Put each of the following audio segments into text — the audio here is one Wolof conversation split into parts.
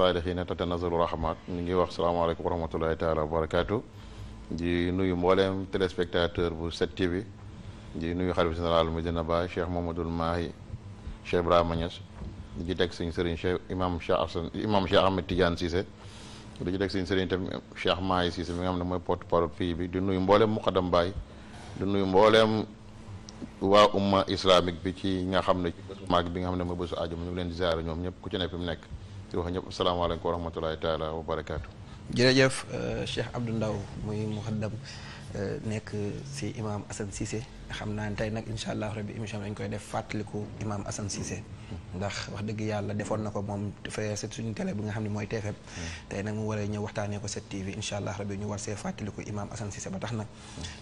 saalihiina tatanazalu rahmat ñu ngi wax salaamaaleykum wa rahmatullahi taala wa barakaatu di nuyu mbooleem téléspectateur bu 7TV di nuyu xalifa général Medina Baye Cheikh Mamadul Mahi Cheikh Ibrahima Niass di ci teg sëriñ Cheikh imam Cheikh Assane imam Cheikh Ahmed Tidiane Cissé di ci teg suñu sëriñ tamit Cheikh Mahi Cissé mi nga xam mooy porte parole fii bi di nuyu mbooleem Muqaddam Baye di nuyu mbooleem waa umma islamique bi ci nga xam ne ci bésu bi nga xam ne mooy bésu ajuma ñu ngi ku ci nekk mu nekk di wax ñëpp asalaamaaleykum wa rahmatulahi taala wa barakaatu. jërëjëf euh, Cheikh Abdou Ndaw muy muhaddam euh, nekk si imaam Assane Cissé xam naa ne tey nag incha allah rabbi émission bi dañ koy def fàttaliku imaam Assane Cissé. ndax wax dëgg yàlla defoon na ko moom fa set suñu télé bi nga xam ne mooy TFM tey nag mu waree ñëw waxtaanee ko set TV incha allah rabi ñu war see fàttaliku imaam Assane Cissé ba tax nag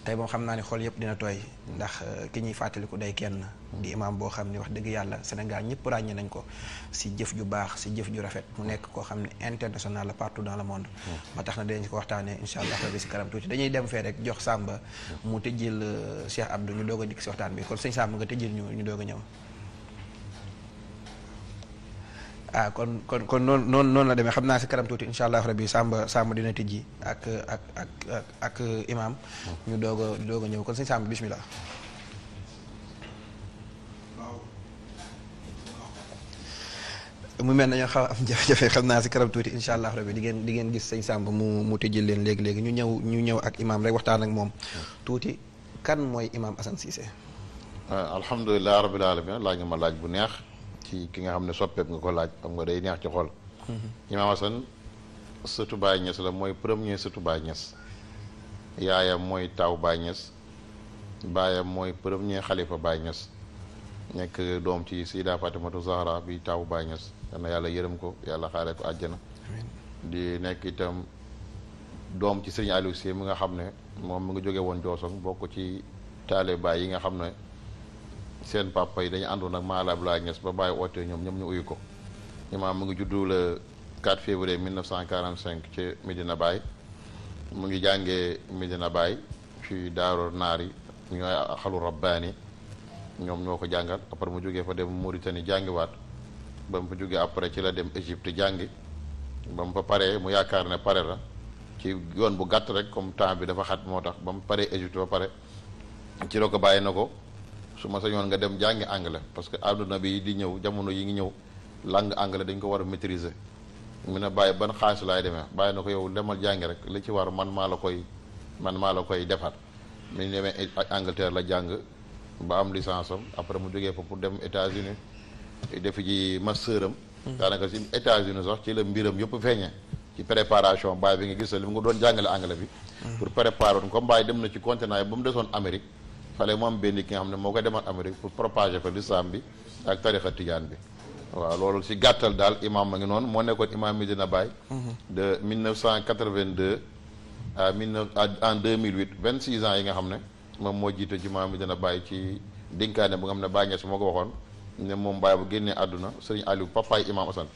tey moom xam naa ne xool yëpp dina tooy ndax euh, ki ñuy fàttaliku day kenn di imaam boo xam ne wax dëgg yàlla Sénégal ñëpp ràññe nañ ko si jëf ju baax si jëf ju rafet mu nekk koo xam ne international la partout dans le monde ba tax na dinañ ko waxtaanee incha allah rabi si kanam tuuti dañuy dem fee rek jox Samba mu tëjjil euh, Cheikh bi kon sëñ Samba nga tëjjil ñu ñu doog ñëw ah kon kon kon noonu noonu noonu la demee xam naa si kanam tuuti incha allah rabi Samba Samba dina tijji ak ak ak ak imaam. ñu doog a doog a ñëw kon sëñ Samba bismillah. mu mel nañoo xaw am jafe-jafe xam naa si kanam tuuti incha allah rabi di di ngeen gis sëñ Samba mu mu tijji leen léegi léegi ñu ñëw ñu ñëw ak imaam rek waxtaan ak moom. tuuti kan mooy imaam Assane Cissé. Ah, alhamdulilah rabil alamin laaj ma laaj bu neex. ci ki nga xam ne soppeeb nga ko laaj xam nga day neex ci xol mm-hmm. imaam Hasan Baay Ñas la mooy premier sëtu Baay Ñas yaayam mooy taaw Baay Ñas baayam mooy premier xalifa Baay Ñas nekk doom ci Sida Fatimatu Zahra bi taaw Baay Ñas dana yàlla yërëm ko yàlla xaaree ko àjjana di nekk itam doom ci sëriñ Aliou Sy mi nga xam ne moom mu ngi jóge woon Jooson bokk ci taale baay yi nga xam ne seen papa yi dañu àndoon a Maam laa Niass ba bàyyi oote ñoom ñoom ñu uyu ko ma mu ngi juddu le 4 février 1945 ci Medina Baye mu ngi jàngee Medina Baye ci Daaro Naar yi ñooy xalu rabbaani ñoom ñoo ko jàngal après mu jógee fa dem Mauritanie waat ba mu fa jógee après ci la dem Égypte jàngi ba mu fa paree mu yaakaar ne pare la ci yoon bu gàtt rek comme temps bi dafa xat moo tax ba mu paree Égypte ba pare ci la ko bàyyi na ko. su ma sañoon nga dem jàngi anglais parce que àdduna bi di ñëw jamono yi ngi ñëw langue anglais dañ ko war a maîtriser mu ne bàyyi ban xaalis laay demee bàyyi na ko yow demal jàngi rek li ci war man maa la koy man maa la koy defar mu ñu demee Angleterre la jàng ba am licence mu jógee fa pour dem États-Unis defi ji master am hmm. daanaka si États-Unis sax ci la mbiram yëpp feeñee ci préparation bàyyi bi nga gis li mu nga doon jàngale anglais bi hmm. pour préparer comme bàyyi dem na ci continent yi ba mu desoon Amérique fale mu am benn ki nga xam ne moo ko demal Amérique pour propager ko lislaam bi ak tarixa tijaan bi waaw loolu si gàttal daal imaam ma ngi noonu moo nekkoon imaam Medina Baye mhm. de 1982 à 19 en 2008 26 ans yi nga xam ne moom moo jiite jumaa Medina Baye ci dénkaane bu nga xam ne Baye Niass moo ko waxoon ne moom Baye bu génnee àdduna sëriñ Aliou papaay imaam Assane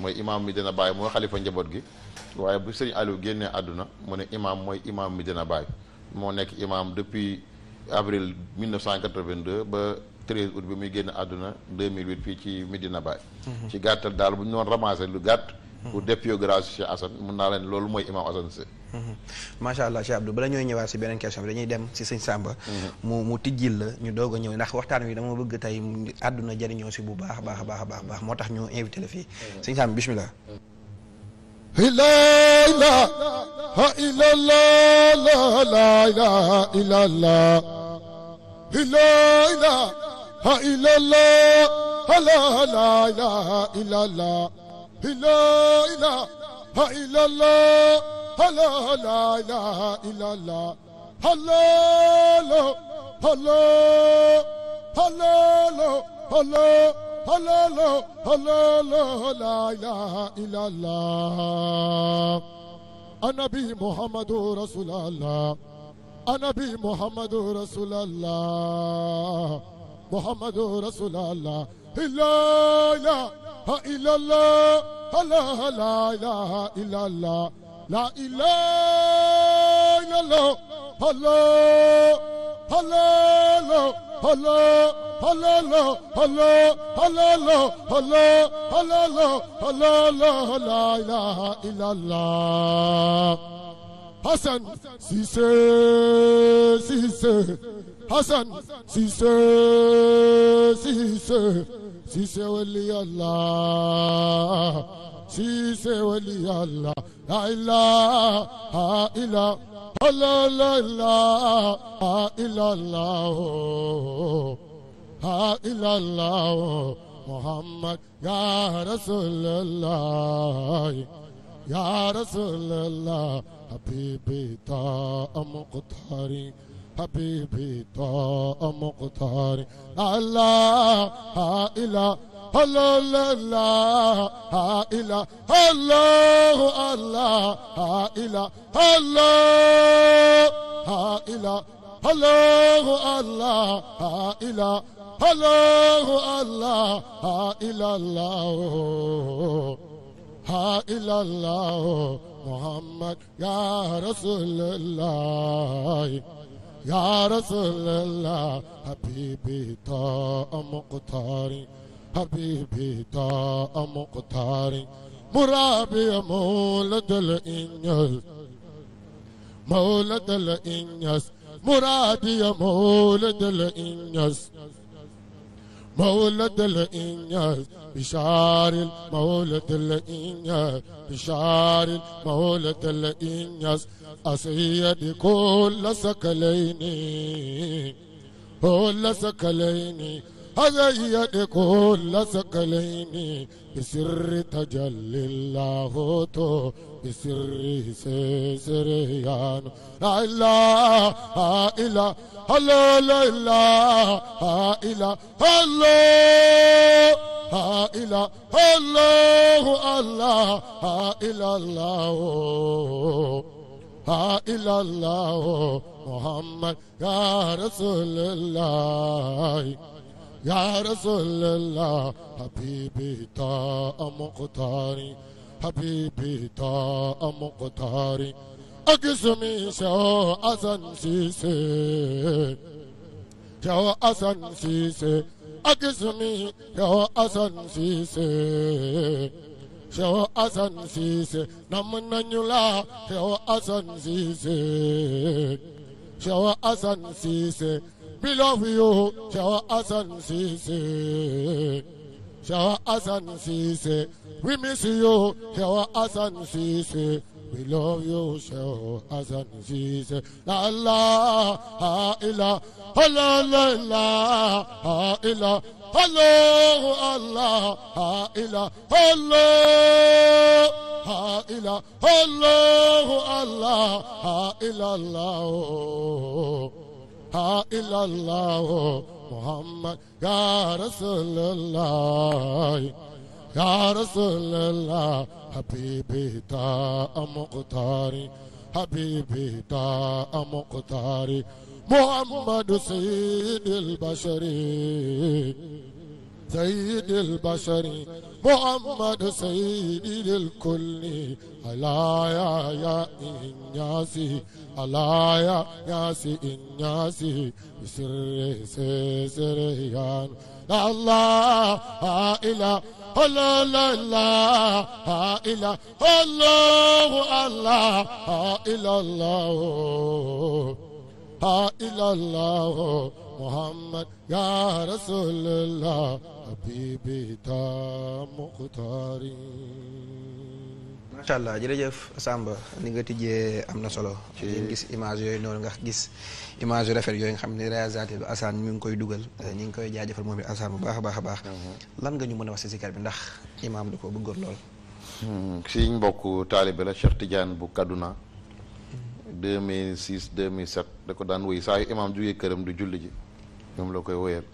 mooy imaam Medina Baye mooy xalifa njaboot gi waaye bu sëriñ Aliou génnee àdduna mu ne imaam mooy imaam Medina baay moo nekk imaam depuis avril 1982 ba 13 août bi muy génn àdduna 2008 fii ci Medina Baye. Mhm. ci gàttal daal bu ñu doon ramasser lu gàtt. Mhm. pour def biographie Cheikh Assane mun naa leen loolu mooy imam Assane Seck. Mhm. macha allah Cheikh Abdou bala ñooy ñëwaat si beneen question bi dañuy dem si sëñ Samba. mu mu la ñu doog a ñëw ndax waxtaan wi dama bëgg tey àdduna jëriñoo si bu baax baax baax baax moo tax ñu invité fii. sëñ Samba bismillah. la ilaha illallah la ilaha illallah. لا إله إلا الله لا لا إله إلا الله لا إله إلا الله لا لا إله إلا الله الله الله الله الله الله الله لا إله إلا الله النبي محمد رسول الله النبي محمد رسول الله محمد رسول الله لا إلا الله لا لا إله إلا الله لا إله إلا الله الله الله الله الله الله الله الله الله الله الله لا إله إلا الله Hassan Cisse Cisse Hassan Cisse Cisse Cisse wali Allah Cisse wali Allah La ha illa ha la ilaha illa Allah Ha illa Allah Muhammad ya Rasulullah يا رسول الله حبيبي طاء مقتحري حبيبي طاء مقتحري الله لا إله الله لا إله الله الله لا إله الله لا إله الله الله لا إله الله الله لا إله الله إله إلا الله محمد يا رسول الله يا رسول الله حبيبي طاء مقتاري حبيبي طاء مقتاري مرابي مولد الإنجاز مولد الإنجاز مرادي مولد الإنجاز مولد الإنياس بشعار المولد الإنياس بشعار المولد الإنياس أسيد كل سكليني كل سكليني هذا يد كل سكليني بسر تجلي الله تو بسره سريان لا إله إلا الله لا إله إلا الله ها إلى الله الله ها إلى الله ها إلى الله محمد يا رسول الله يا رسول الله حبيبي تا مقتاري حبيبي طاء مقتاري أقسمي شو أسن سيسي شو أسن سيسي أقسمي شو أسن سيسي شو أسن سيسي نمنا نيولا شو أسن سيسي شو أسن سيسي We love you, Shawa Asan Sisi. Shawa Hassan Sise. We miss you, Shawa Hassan Sise. We love you, Shawa Hassan Sise. La la ha ila, ha la la la ha ila. Hello, Allah, ha ila, hello, ha ila, hello, Allah, ha ila, Allah, ha ila, Allah. محمد يا رسول الله يا رسول الله حبيبي تا مقتاري حبيبي تا مقتاري محمد سيد البشر سيد البشر محمد سيد الكل ألا يا يا إنياسي ألا يا ياسي إنياسي بسر سيسريان لا الله إله الله لا الله إله الله الله إله الله إله الله محمد يا رسول الله حبيبي دا مختاري macha allah jërëjëf Samba ni nga tijjee am na solo ci gis image yooyu noonu nga gis image yu rafet yooyu nga xam ne réalisateur bi Assane mi ngi koy dugal ñi ngi koy jaajëfal moom it Assane bu baax a baax a baax lan nga ñu mën a wax si sikar bi ndax imaam da ko bëggoon lool hmm, siñ mbokk taalibe la Cheikh Tidiane bu Kaduna 2006 2007 da ko daan woy saa yu imaam këram du julli ji ñoom la koy woyal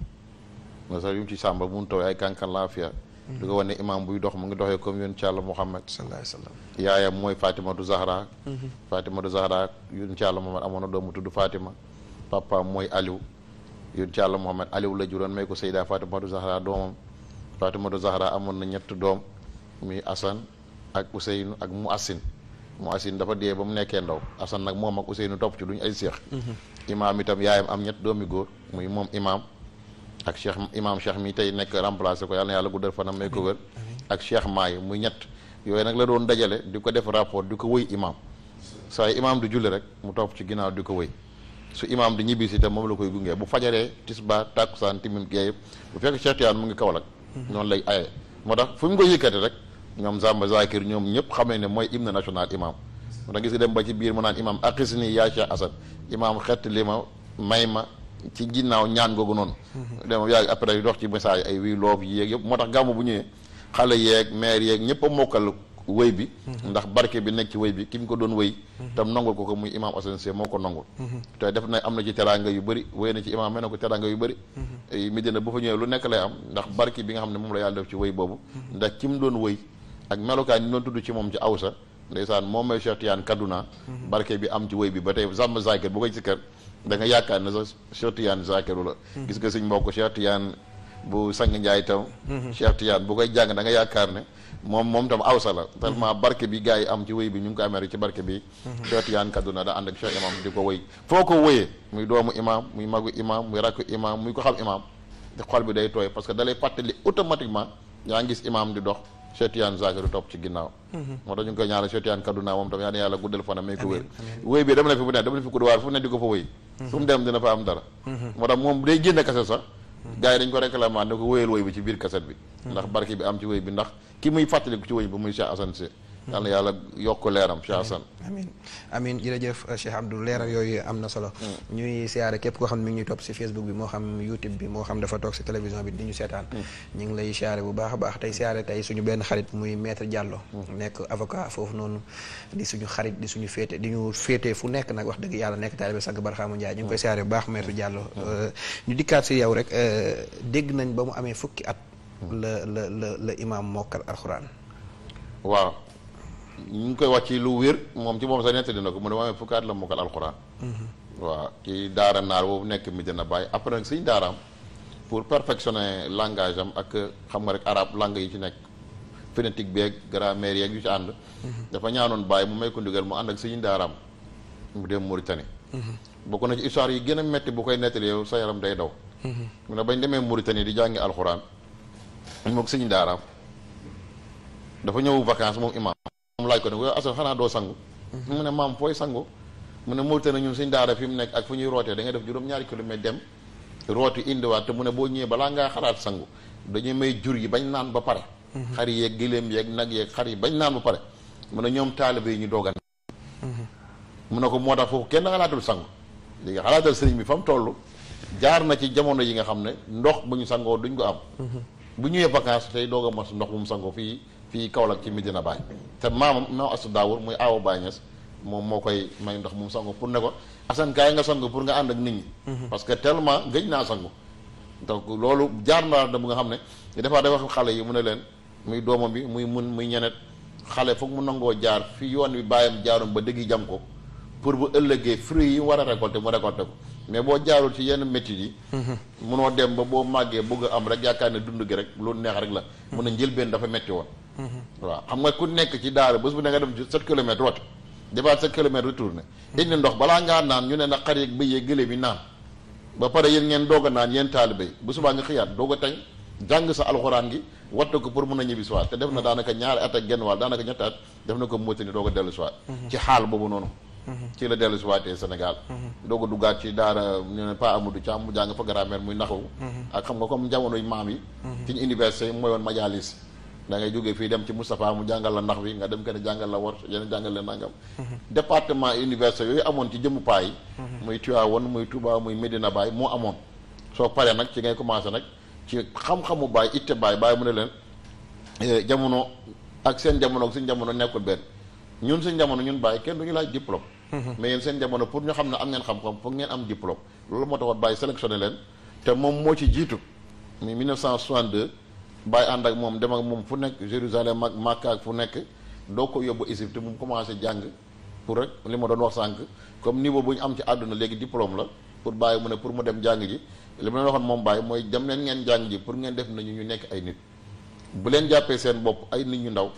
nga sax yu mu ci sàmba mun taw ay kànkan laafiya di ko wane imaam buy dox mu ngi doxee comme yoon ci Yàlla Muhammad sallallahu alayhi wa sallam yaayam mooy Fatimatu Zahra mhm. Fatimatu Zahra yoon ci Yàlla Muhammad na doomu tudd Fatima papaam mooy Aliou yoon ci Yàlla Muhammad Aliou la juróon amoon na doom muy Asan ak Useynu ak Muasin Muasin dafa dee ba mu nekkee ndaw Asan nag moom ak Useynu topp ci duñ ay seex mhm. imaam itam yaayam am ñett doomi góor muy moom imaam ak cheikh imam cheikh mi tey nekk remplacé ko yàlla na yàlla may ko wér ak cheikh maay muy ñett yooyu nag la doon dajale di ko def rapport di ko wëy imam saa yu imam di julli rek mu topp ci ginnaaw di ko wëy su imam di ñibbi si itam moom la koy gungee bu fajaree tisba takkusaan timin géeyëp bu fekk cheikh tiyaan mu ngi Kaolack mhm. noonu lay aye moo tax fu mu ko yëkkati rek ñoom Zamba Zakir ñoom ñëpp xam ne mooy hymne national imam moo tax gis nga dem ba ci biir mu naan imam aqis nii yaa cheikh ci ginnaaw ñaan googu noonu. Mhm. dem yaay après yu dox ci message ay wii loof yi moo tax gàmmu bu ñëwee xale yeeg maire yeeg ñëpp a mokkal wëy bi. Mhm. ndax barke bi nekk ci wëy bi ki mu ko doon wëy. Mhm. tam ko ko muy imaam Assane Seye am na ci yu bëri wëy na ci imaam mel na ko teraanga yu bëri. Medina fa ñëwee lu nekk lay am ndax barke bi nga xam ne moom la yàlla def ci wëy boobu. ndax ki doon wëy ak melokaan ñu doon tudd ci moom ci awsa ndeysaan moom mooy Cheikh Tidiane Kaduna. barke bi am ci wëy bi ba tey Zamba Zakir bu koy ci kër da nga yaakaar ne sax Cheikh Tidiane Zakirou hmm. gis nga suñ mbokk Cheikh Tidiane bu sang njaay tam hmm. Cheikh Tidiane bu koy jàng da nga yaakaar ne moom moom tam awsa la hmm. tellement barke bi gars yi am ci wéy bi ñu ngi ko amee ci barke bi Cheikh Tidiane Kaduna da ànd ak Cheikh imam di ko wéy foo ko wéyee muy doomu imam muy magu imam muy rakku imam muy ko xam imam xol bi day tooy parce que da lay fàttali automatiquement yaa ngis imam di dox Cheikh Zaka du topp ci ginnaaw mhm. moo tax ñu koy ñaanal Cheikh Tidiane Kaduna moom tam yaa ne yàlla guddal fanam may ko wér wéy bi dem na fi bu ne dem na fi kudwaar fu ne di ko fa wéy mhm. fu mu dem dina fa am dara mhm. moo tax moom day génn kaset sax gars yi dañ ko réclamé ne ko wéyal wéy bi ci biir kaset bi ndax barke bi am ci wéy bi ndax ki muy fàttaliku ci wéy bi muy Cheikh Assane yàlla yàlla yokk leeram Cheikh Assane amin amin jërëjëf Cheikh Abdou leeral yooyu am na solo hmm. ñuy siyaare képp koo xam ne mi ngi ñuy topp si Facebook bi moo xam YouTube bi moo xam dafa toog si télévision bi di ñu seetaan hmm. ñu ngi lay siyaare bu baax a baax tey siyaare tey suñu benn xarit muy maître Diallo hmm. nekk avocat foofu noonu di suñu xarit di suñu féete di ñu féete fu nekk nag wax dëgg yàlla nekk taalibe Sàng Barxaamu Njaay ñu ngi koy siyaare bu baax maître jàllo euh, ñu dikkaat si yow rek euh, dégg nañ ba mu amee fukki at la la la imaam mokkal alxuraan ñu ngi koy wax ci lu wér moom ci moom sax nettali na ko mu ne maamee fukkaat la mokkal alxuraan mm-hmm. waaw ci daara naar boobu nekk mi dina bàyyi après nag suñ daaraam pour perfectionner langage am ak xam nga yi ci yu ci ànd mm-hmm. dafa ñaanoon bàyyi mu may ko ndigal mu ànd ak suñu daaraam mu dem Mauritanie mm-hmm. bokk na ci histoire yi gën a metti bu koy nettali yow sa yaram day daw mu ne bañ demee Mauritanie di jàngi alxuraan mook suñu daaraam dafa ñëw moom imam laaj ko ne yow Assane xanaa doo sangu mu ne maam fooy sangu mu ne Mauritanie ñun suñ daara fi mu nekk ak fu ñuy rootee da ngay def juróom-ñaari kilomètre dem rooti indiwaat te mu ne boo ñëwee balaa ngaa xalaat sangu dañuy may jur yi bañ naan ba pare xar yi yeeg giléem yeeg nag yee xar yi bañ naan ba pare mu ne ñoom taalibe ñu ñu doogan mu ne ko moo tax foofu kenn xalaatul sangu léegi xalaatal sëriñ bi fa mu toll jaar na ci jamono yi nga xam ne ndox bu ñu sangoo duñ ko am bu ñëwee fii Kaolack ci Medina Baye te maamam maam Astou Dawour muy Awa Baye Niass moom moo koy may ndox mu sangu pour ne ko Assane kaay nga sangu pour nga ànd ak nit ñi. Mhm. parce que tellement gëj naa sangu. donc loolu jaar naa da nga xam ne te dafa dafa xale yi mu ne leen muy doomam bi muy mun muy ñenet xale foog mu nangoo jaar fi yoon wi bàyyam jaarum ba dëgg jam ko pour bu ëllëgee fruits yi war a récolter mu récolter ko. mais boo jaarul ci yenn métier yi. munoo dem ba boo màggee bëgg a am rek yaakaar ne dund gi rek lu neex rek la. mun a njëlbeen dafa metti woon. waaw xam nga ku nekk ci daara bés bu ne nga dem ci 7 kilomètres root defaat 7 kilomètres retourné. indi ndox balaa ngaa naan ñu ne na xar yeeg bëy yeeg gëléem yi naan. ba pare yéen ngeen doog a naan yéen taalibe yi bu subaa nga xëyaat doog a tañ jàng sa alxuraan gi wattu ko pour mun a ñibbi siwaat te def na daanaka ñaari at ak genn wàll daanaka ñetti na ko moytandi doog a dellu siwaat mm-hmm. ci xaal boobu noonu ci la dellu si waatee Sénégal doog a duggaat ci daara ñu ne Pa Amadou Thiam mu jàng fa grammaire muy naxaw ak xam nga kom jamonoy maam yi ci ñu université mooy woon majalis da ngay jógee fii dem ci Moustapha mu jàngal la nax nga dem kenn jàngal la war yeneen jàngal la nangam département université yooyu amoon ci jëmu paa yi muy Tivaouane muy Touba muy Medina Baye moo amoon soo paree nag ci ngay commencé nag ci xam-xamu Baye itte Baye Baye mu ne leen eh, jamono ak seen jamono ak suñ jamono nekkul benn ñun seen jamono ñun bàyyi kenn du ñu laaj diplôme. Mhm. mais yéen seen jamono pour ñu xam ne am ngeen xam-xam foog ngeen am diplôme loolu moo taxoon bàyyi sélectionné leen te moom moo ci jiitu mi 1962 bàyyi ànd ak moom dem ak moom fu nekk Jérusalem ak Makka fu nekk doo ko yóbbu Égypte mu commencé jàng pour rek li ma doon wax sànq comme niveau bu ñu am ci àdduna léegi diplôme la pour bàyyi mu ne pour mu dem jàng ji li ma leen waxoon moom bàyyi mooy dem leen ngeen jàng ji pour ngeen def nañu ñu nekk ay nit bu leen jàppee seen bopp ay nit ñu ndaw.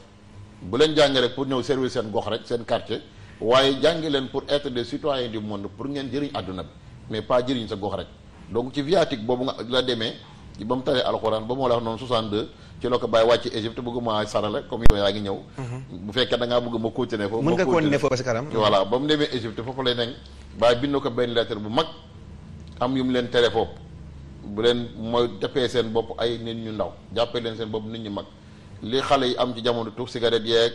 bu leen jàngi rek pour ñëw servir seen gox rek seen quartier waaye jàngi leen pour être des citoyens du monde pour ngeen jëriñ àdduna bi mais pas jëriñ sa gox rek donc ci viatique boobu nga la demee ba mu taree alxuraan ba moo la wax noonu 62 ci la ko bàyyi wàcc Égypte bëgg maa comme yaa ngi ñëw mhm. bu fekkee da bëgg ma continuer foofu mën nga continuer foofu si kanam voilà ba mu demee Égypte foofu lay nekk bàyyi bind ko benn lettre bu seen bopp ay nit ñu ndaw jàppee leen seen bopp nit ñu mag li xale yi am ci jamono tux cigarette yeeg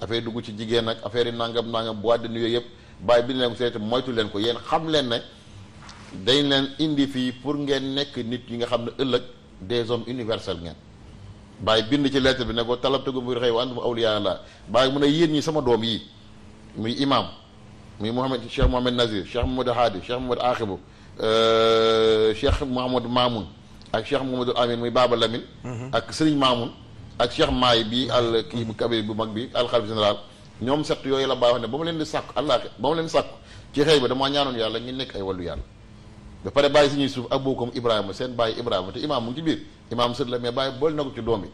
affaire dugg ci jigen ak affaire nangam nangam boîte de nuit yooyu bay bi leen ko seet moytu len ko yéen xam len ne dañ len indi fi pour ngeen nek nit yi nga xamne ne des hommes universels ngeen bay bind ci lettre bi ne ko talab tëgu muy xëy wa antum awliyaa la bay mu ne yéen ñi sama doom yi muy imam muy mohammed Cheikh mohammed Nazir Cheikh mohammed Hadi Cheikh mohammed akhib euh Cheikh mohammed Mamoun ak Cheikh mohammed Amin muy Baba Lamine ak Serigne Mamoun ak Cheikh Maay bi al kii bu mag bi alxalif général ñoom sett yooyu la bàyyi ne ba ma leen di sàkku allah ba ma leen di sàkku ci xëy ba damaa ñaanoon yàlla ñu nekk ay wàllu yàlla ba pare bàyyi suñuy suuf abookom ibrahima seen bàyyi ibrahima te imaam mu ngi ci biir imaam sët la mais bàyyi boole na ko ci doom bi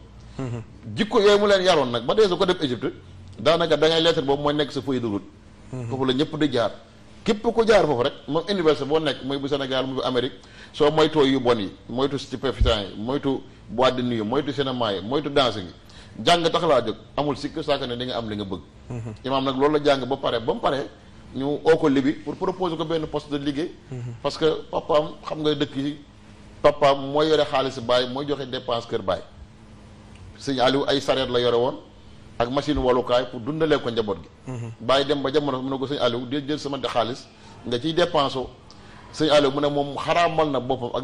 jikko yooyu mu leen yaroon nag ba dee su ko def Égypte daanaka da ngay jaar képp ku jaar foofu rek moom université boo nekk muy bu Sénégal mu bu Amérique soo moytoo yu bon yi moytu stupéfiants yi moytu boîte de nuit moytu cinéma yi moytu danse gi jàng tax laa jóg amul sikk saaka ne di nga am li nga bëgg mhm. imaam nag loolu la jàng ba pare ba mu pare ñu oo ko libi pour proposer ko benn post de liggéey mhm. parce que papaam xam nga dëkk yi papaam mooy yore xaalis baay mooy joxe dépense kër baay sëñ Aliou ay sareet la yore woon ak machine walukaay pour dundalee ko njaboot gi mhm. bàyyi dem ba jamono mu ne ko sëñ Aliou di jël sama xaalis nga ciy dépense o sëñ Aliou mu moom xaraamal na boppam ak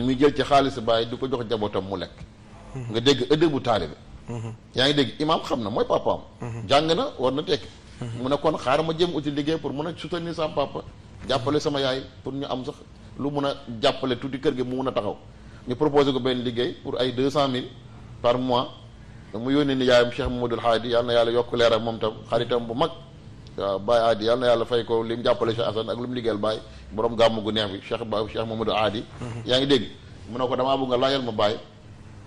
muy jël ci xaalis bàyyi di ko jox jabootam mu lekk nga dégg ëddëbu taalibe yaa ngi dégg imaam xam na mooy papaam jàng na war na tekki mu ne kon xaaral ma jëm uti liggéey pour mun a soutenir sama papa jàppale sama yaay pour ñu am sax lu mun a jàppale tuuti kër gi mu mun a taxaw ñu proposé ko benn liggéey pour ay deux cent mille par mois mu yónnee ni yaayam Cheikh Mamadou Haadi yàlla yàlla yokk leeram moom tam xaritam bu mag Ya, baye adi yalla yalla fay ko lim jappale Cheikh Assane ak lim mu Baye borom gamu gu neex bi Cheikh baye Cheikh Mamadou adi mhm. yaangi deg munoko mu bu nga layal ma Baye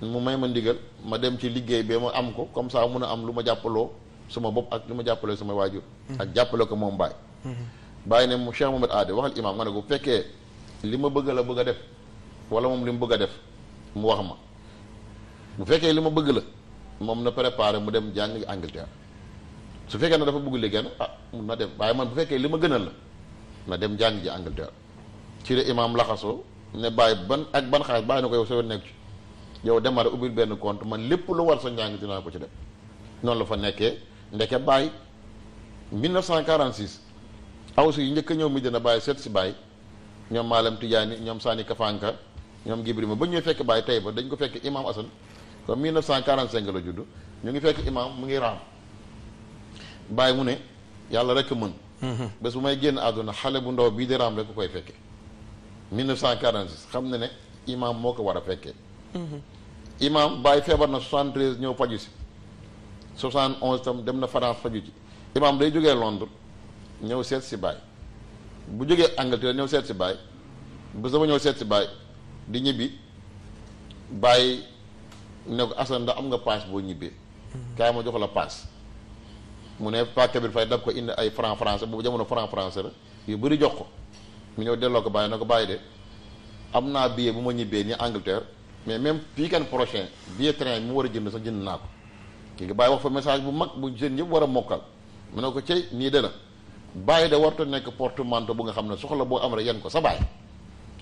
mu may ma ndigal ma dem ci liggéey be ma am ko comme ça muna am luma jappalo suma bop ak luma ma suma sama mhm. ak jàppale ko mom Baye mhm. Baye ne mu Cheikh Mamadou adi waxal imam nga ko bu bëgg la bëgg def wala mom lim bëgg def mu wax ma bu fekke lima la mom na préparer mu dem Angleterre su fekkee ne dafa bëgg liggéey nag ah mun na dem waaye man bu fekkee li ma gënal la na dem jàng ji Angleterre ci la imaam laxasoo ne bàyyi ban ak ban xaalis bàyyi na ko yow soo nekk ci yow demal ubbil benn compte man lépp lu war sa njàng dinaa ko ci def noonu la fa nekkee ndeke bàyyi 1946 awsu yi njëkk a ñëw mi dina bàyyi seet si bàyyi ñoom maalam Tijaani ñoom Sani Kafanka ñoom Gibrima ba ñuy fekk bàyyi tey ba dañ ko fekk imaam Assane comme 1945 la judd ñu ngi fekk imaam mu ngi raam bàyyi mu ne yàlla rek mën mhm. bés bu may génn àdduna xale bu ndaw bii di raam rek ku koy fekkee 1946 xam na ne imaam moo ko war a fekkee mhm. imaam bàyyi feebar na 73 ñëw faju si 71 tam dem na France faju ci imaam day jógee Londres ñëw seet si bàyyi bu jógee Angleterre ñëw seet si bàyyi bés dama ñëw seet si bàyyi di ñibbi bàyyi ne ko Assane ndax am nga paas boo ñibbee mhm. kaay ma jox la paas mu ne pàcc bi fay dab ko indi ay franc français boobu jamono franc français la yu bëri jox ko mu ñew delo ko baye nako baye de amna billet bu ma ñibé ni Angleterre mais même weekend prochain billet train mu wara jënd sa jënd naa ko nga baye wax fa message bu mag bu jënd ñep wara mokal mu ne ko cey ni de la baye de warta nekk portemanteau bu nga xamne soxla bo am rek yan ko sa baay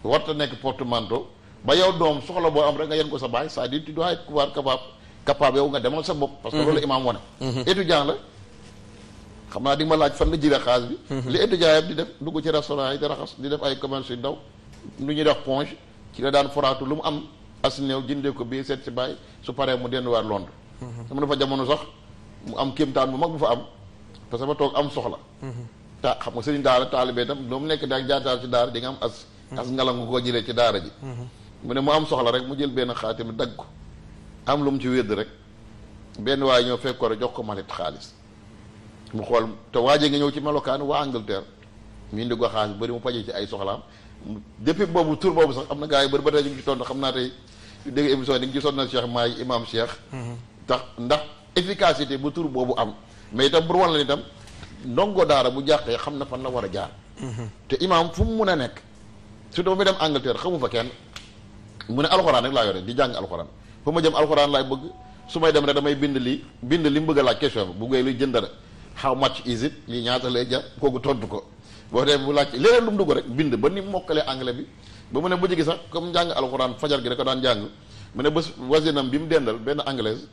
warta nekk portemanteau ba yow dom soxla bo am rek nga yan ko sa baye sa à dire tu dois être pouvoir capable capable yow nga demal sa bop parce que lolu imam woné mm-hmm. étudiant la xam naa di ma laaj fan la jëlee xaalis bi. Mhm. li étudiant yëpp di def dugg ci restaurant yi di raxas di def ay commerce yu ndaw lu ñu def ponche ci la daan foraatu lu mu am as néew jëndee ko bii seet si bàyyi su paree mu delluwaat Londres. Mhm. sama dafa jamono sax mu am kéemtaan bu mag bu fa am te sama toog am soxla. Mhm. ta xam nga sëriñ daara taalibe itam doomu nekk daal jaataar ci daara di nga am as. as ngalam nga koo jëlee ci daara ji. mu ne mu am soxla rek mu jël benn xaatim dagg ko am lu mu ci wédd rek benn waaye ñoo fekk ko rek jox ko malit xaalis. mu xool te waajee nga ñëw ci melokaan waa Angleterre mu di ko xaalis bari mu pajee ci ay soxlaam depuis boobu tur boobu sax am na gars yi bari ba tey ñu ngi xam naa tey dégg émission di nga ci sonnal Cheikh mhm. ndax efficacité bu tur boobu am mais itam pour wàll itam ndongo daara bu jàqee xam na fan la war a jaar mhm. te imaam fu mu mun a nekk surtout ba muy dem Angleterre xamu fa kenn mu ne alxuraan rek laa yore di jàng alxuraan fu ma jëm alxuraan laay bëgg su may dem rek damay bind lii bind li mu bëgg laa laaj question bi bu goy luy jënd how much is it lii ñaata jar kooku tontu ko boo dee bu laajte leneen lu mu dugg rek bind ba ni mokkalee anglais bi ba mu ne mujj gi sax comme njàng alxuraan fajar gi da ko bi mu dendal benn anglaise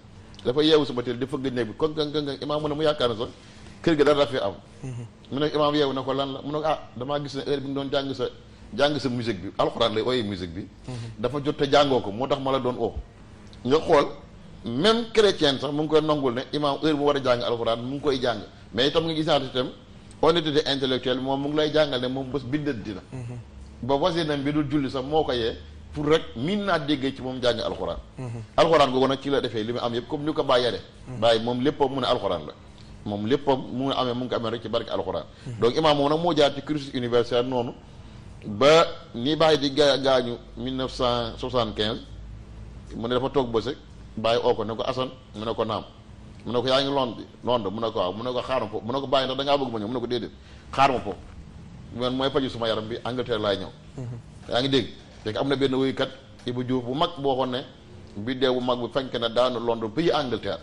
dafa yeewu suba teel di fëgg néeg bi kon kan kan imaam mu ne mu yaakaar am mu ne imaam yeewu na ko lan la mu ne ko ah damaa gis ne heure bi nga doon jàng sa jàng sa musique bi alxuraan lay ooyee musique bi mhm. dafa jot te jàngoo ko moo tax ma la doon oo nga xool même chrétien sax mu ngi koy nongul ne imaam heure bu war a jàng alxuraan mu ngi koy jàng mais itam nga gisaat itam honnêteté intellectuelle moom mu ngi lay jàngal ne moom bés bindat dina mhm. ba wasinam bi dul julli mhm. mu am ko bàyyi yare mhm. bàyyi moom léppam mu ne alxuraan la moom léppam mu ngi amee mu ngi ko amee rek ci barke alxuraan donc imaam moom nag moo jaar ci cursus universitaire noonu ba ni bàyyi di gaa gaañu 1975 mu ne dafa toog ba bàyyi oo ko ne ko Assane mu ne ko naam mu ne ko ngi lond bi lond mu ko waaw mu ne xaar ma foofu mu ne ko bàyyi ndax da ngaa bëgg ma ñëw mu ne ko déedéet xaar ma foofu man mooy faju suma yaram bi Angleterre laay ñëw mhm. yaa ngi dégg fekk am na benn wuykat Ibou Diouf bu mag boo xoon ne biddew bu mag bu fenk ne daanu Londres pays Angleterre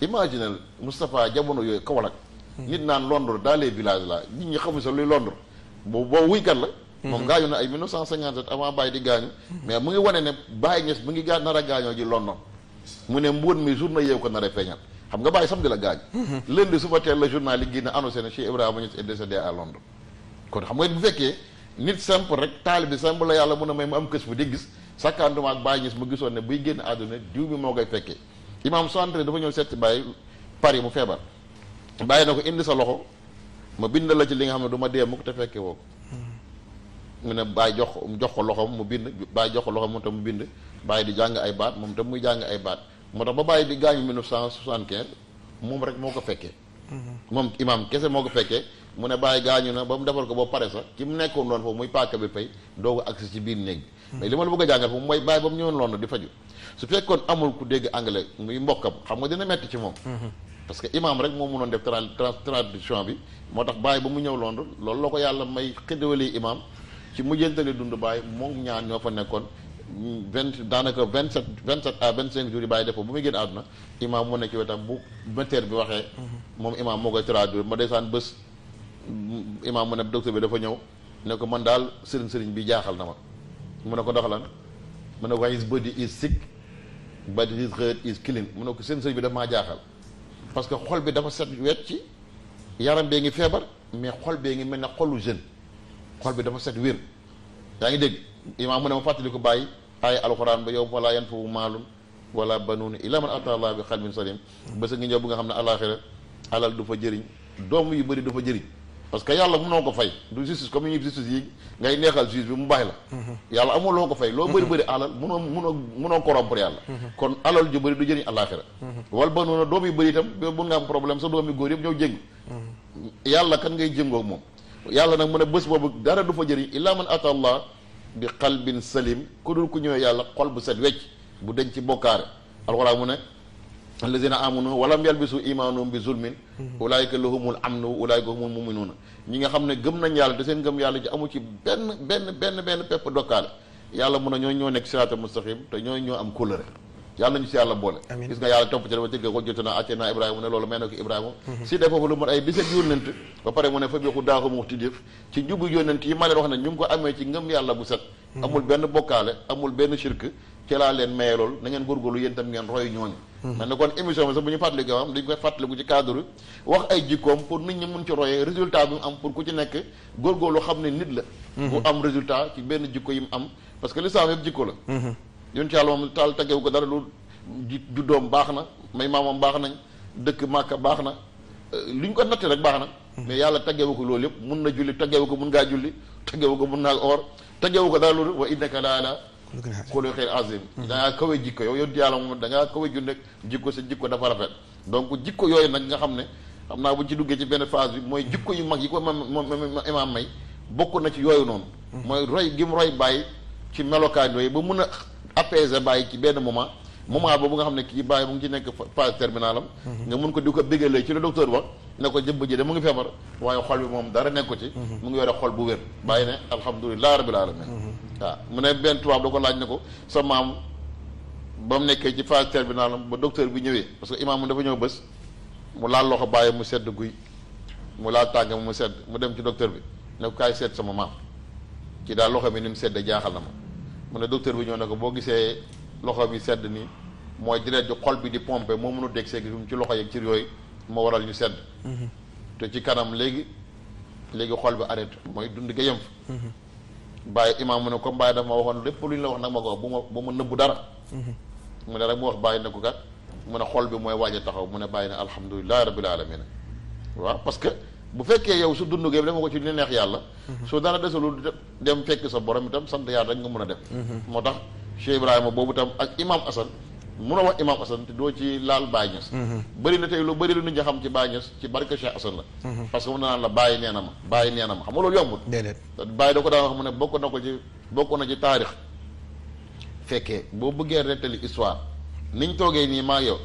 imaginel Moustapha jamono yooyu Kaolack mhm. nit naan Londres dans les villages là nit ñi xamu sa luy Londres boobu boobu wuykat la mhm. moom gaañu na ay 1957 avant Baye ngi wane ne Baye Niass mu mu ne mbóot mi journal yow ko nar a feeñal xam nga bàyyi samedi la gaañ lundi suba teel la journal yi génn annoncé ne Cheikh Ibrahima Niass est décédé à Londres kon xam nga bu fekkee nit simple rek taali bi simple la yàlla mën a may mu am kës bu di gis sàkkaanduma ak Baye Niass mu gisoon ne buy génn àdduna diw bi moo koy fekkee imaam centré dafa ñëw setti Baye yi mu feebar bàyyi na ko indi sa loxo ma bind la ci li nga xam ne du ma dee mukk te fekke woo mu ne bàyyi jox jox ko loxoom mu bind bàyyi jox ko loxoom mu bind jàng ay baat moom tam muy jàng ay baat moo tax ba bàyyi di gaañu mm-hmm. na ba mu defal ko ba pare sax ci mu nekkoon loon foofu muy paaka bi pay doo ko agsi ci biir néeg bi. Mm-hmm. mais li ma la bëgg a jàngal mu mm-hmm. bàyyi ba mu ñëw Londres loolu la ko yàlla may xiddawalee imaam ci mu mujjantali dund baay moom ñaan ñoo fa nekkoon vingt daanaka vingt sept vingt sept à vingt cinq jours yi bàyyi def bu muy génn àdduna imaam moo nekk ci wetam bu météo bi waxee. moom imaam moo koy traduire ma desaan bés. imaam mu ne docteur bi dafa ñëw ne ko man daal sëriñ sëriñ bi jaaxal na ma mun ne ko doxalan mu ne ko his body is sick but his heart is clean mu ne ko sëriñ sëriñ bi dafa maa jaaxal parce que xol bi dafa set wet ci yaram bee ngi feebar mais xol bee ngi mel ne xolu jeune. xol bi dafa set wér yaa ngi dégg imaam mu ne ma fàttali ko bàyyi ay alxuraan ba yow wala yan foofu maalum wala banuun illa man ata allah bi xalbin salim bés a ngi ñëw bu nga xam ne alaxira alal du fa jëriñ doom yu bëri du fa jëriñ parce que yàlla mënoo ko fay du justice comme ñu yi ngay neexal justice bi mu baax la yàlla amoo loo ko fay loo bëri bëri alal mënoo mënoo mënoo corrompre yàlla kon alal ju bëri du jëriñ alaxira wal banuuna doom yu bëri itam yàlla nag mu ne bés boobu dara du fa jëriñ illa man ata allah bi qalbin salim ku dul ku ñëwee yàlla xol bu set wecc bu dañ ci bokkaare alxuraan mu ne alladina amanu walam yalbisu imanuhum bi zulmin ulaayika lahumul amnu ulaayika humul muminuuna ñi nga xam ne gëm nañ yàlla te seen gëm yàlla ci amu ci benn benn benn benn pepp dokkaale yàlla mun a ñoo ñoo nekk siraatal mustaqim te ñoo ñoo am couleur yàlla nañu si yàlla boole gis nga yàlla topp ci dama jëgg ko jotu na acce naa ibrahima mu ne loolu may na ko ibrahima si dee foofu lu mën ay dix-sept yónnent ba pare mu ne fa bixu daaxumu ti def ci yi ma ne mm. na mm. kon émission bi sax fàttaliku am dañ koy fàttaliku ci wax ay jikkoom pour nit ñi mun ci royee résultat bi mu am pour ku ci nekk góorgóorlu xam ne nit la ku mm-hmm. am résultat ci benn jikko yi mu am parce que l'islam yëpp jikko la mm-hmm. yonent yàlla moom taal taggewu ko dara lu juddoom baax na may maamam baax nañ dëkk màkka baax na euh, lu ñu ko nattee rek baax na mais yàlla taggewu ko loolu yëpp mun na julli taggewu ko mun ngaa julli taggewu ko mun naa or taggewu ko dara wa innaka laa la xóolu xeer azim dangaa kawe jikko yow yonent yàlla moom dangaa kawe ju nekk jikko sa jikko dafa rafet donc jikko yooyu nag nga xam ne xam naa bu ci duggee ci benn phase bi mooy jikko yu mag yi ko moom imaam may bokk na ci yooyu noonu hmm. mooy roy gi mu roy bàyyi ci melokaan yooyu ba mun a apaiser bàyyi ci benn moment moment boobu nga xam ne kii bàyyi mu ngi ci nekk phase terminale am mhm. nga mun ko di ko bégalee ci la docteur wax ne ko jëmb ji de mu ngi feebar waaye xol bi moom dara nekku ci mhm. mu ngi yore xol bu wér bàyyi ne alhamdulilah rabbil alamin mhm. waaw mu ne benn tubaab da ko laaj ne ko sa maam ba mu nekkee ci phase terminale am ba docteur bi ñëwee parce que imaam dafa ñëw bés mu laal loxo bàyyi mu sedd guy mu laal tànk mu sedd mu dem ci docteur bi ne seet sama maam ci daal loxo bi ni mu sedd jaaxal na ma mu ne docteur bi ñoo ne ko boo gisee loxo bi sedd nii mooy deret ju xol bi di pomper moo mënu deg seeg ci loxo yeeg ci yooyu moo waral ñu sedd mhm. te ci kanam léegi léegi xol bi arrêté mooy dund ga yem fa mhm. bàyyi imaam mu ne ko bàyyi dafa ma waxoon lépp lu ñu la wax nag ma ko wax bu ma bu ma nëbbu dara mhm. mu ne rek mu wax bàyyi ne ko kat mu ne xol bi mooy waaj a taxaw mu ne bàyyi ne alhamdulilahi rabbil alamin waaw parce que bu fekkee yow su dund gi def ko ci li neex yàlla su dara desalul dem fekk sa borom itam sant yàlla rek nga mën a def moo tax Cheikh Ibrahima boobu itam ak imam Assane mun a wax imam Assane te doo ci laal Baye Niass bëri na tey lu bëri lu nit ñi xam ci Baye Niass ci barke Cheikh Assane la parce que mun na naan la Baye nee na ma Baye nee na ma xam nga loolu yombul Baye da ko daan wax mu ne bokk na ko ci bokk na ci taarix fekkee boo bëggee rettali histoire niñ toogee nii maa yow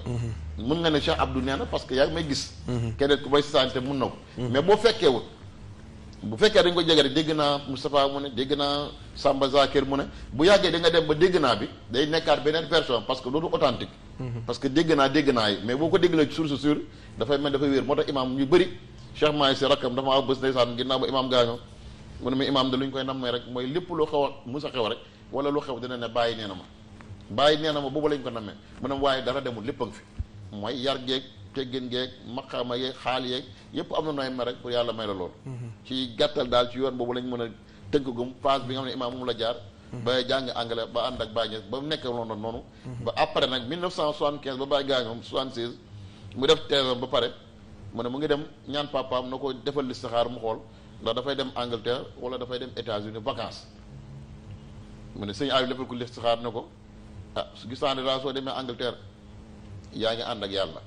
mun nga ne Cheikh Abdou nee na parce que yaa ngi may gis. Mhm. keneen ku may sante mun na ko. Mhm. mais boo dañ ko jege rek dégg naa Moustapha mu ne dégg naa Samba Zakir mu ne bu yàggee da nga dem ba dégg naa bi day nekkaat beneen version parce que loolu authentique mhm. parce que dégg naa dégg naa yi mais boo ko déglee ci source sûre dafay mel dafay wér moo tax imaam ñu bëri Cheikh Maay si rakkam dafa am bés ndeysaan ginnaaw ba imaam gaañoo mu ne ma imaam da lu ñu koy nammee rek mooy lépp lu xew a musa xew rek wala lu xew dina ne bàyyi nee na ma bàyyi nee na ma boobu lañ ko nammee mu waaye dara demul lépp fi mooy yar geeg teggin geeg maqaama yeeg xaal yeeg yëpp am na nooy ma rek pour yàlla may la lool. ci gàttal daal ci yoon boobu lañ mën a tënkagum phase bi nga xam ne imaam moom la jaar. ba jàng anglais ba ànd ak Baye Niass ba mu nekk London noonu. ba après nag 1975 ba Baye gaañu moom 76 mu def thèse ba pare mu ne mu ngi dem ñaan papaam na ko defal listixaar mu xool ndax dafay dem Angleterre wala dafay dem États-Unis vacances mu ne sëñ Aliou defal ko listixaar ne ko ah su gisaane daal soo demee Angleterre. yaa ngi ànd ak yàlla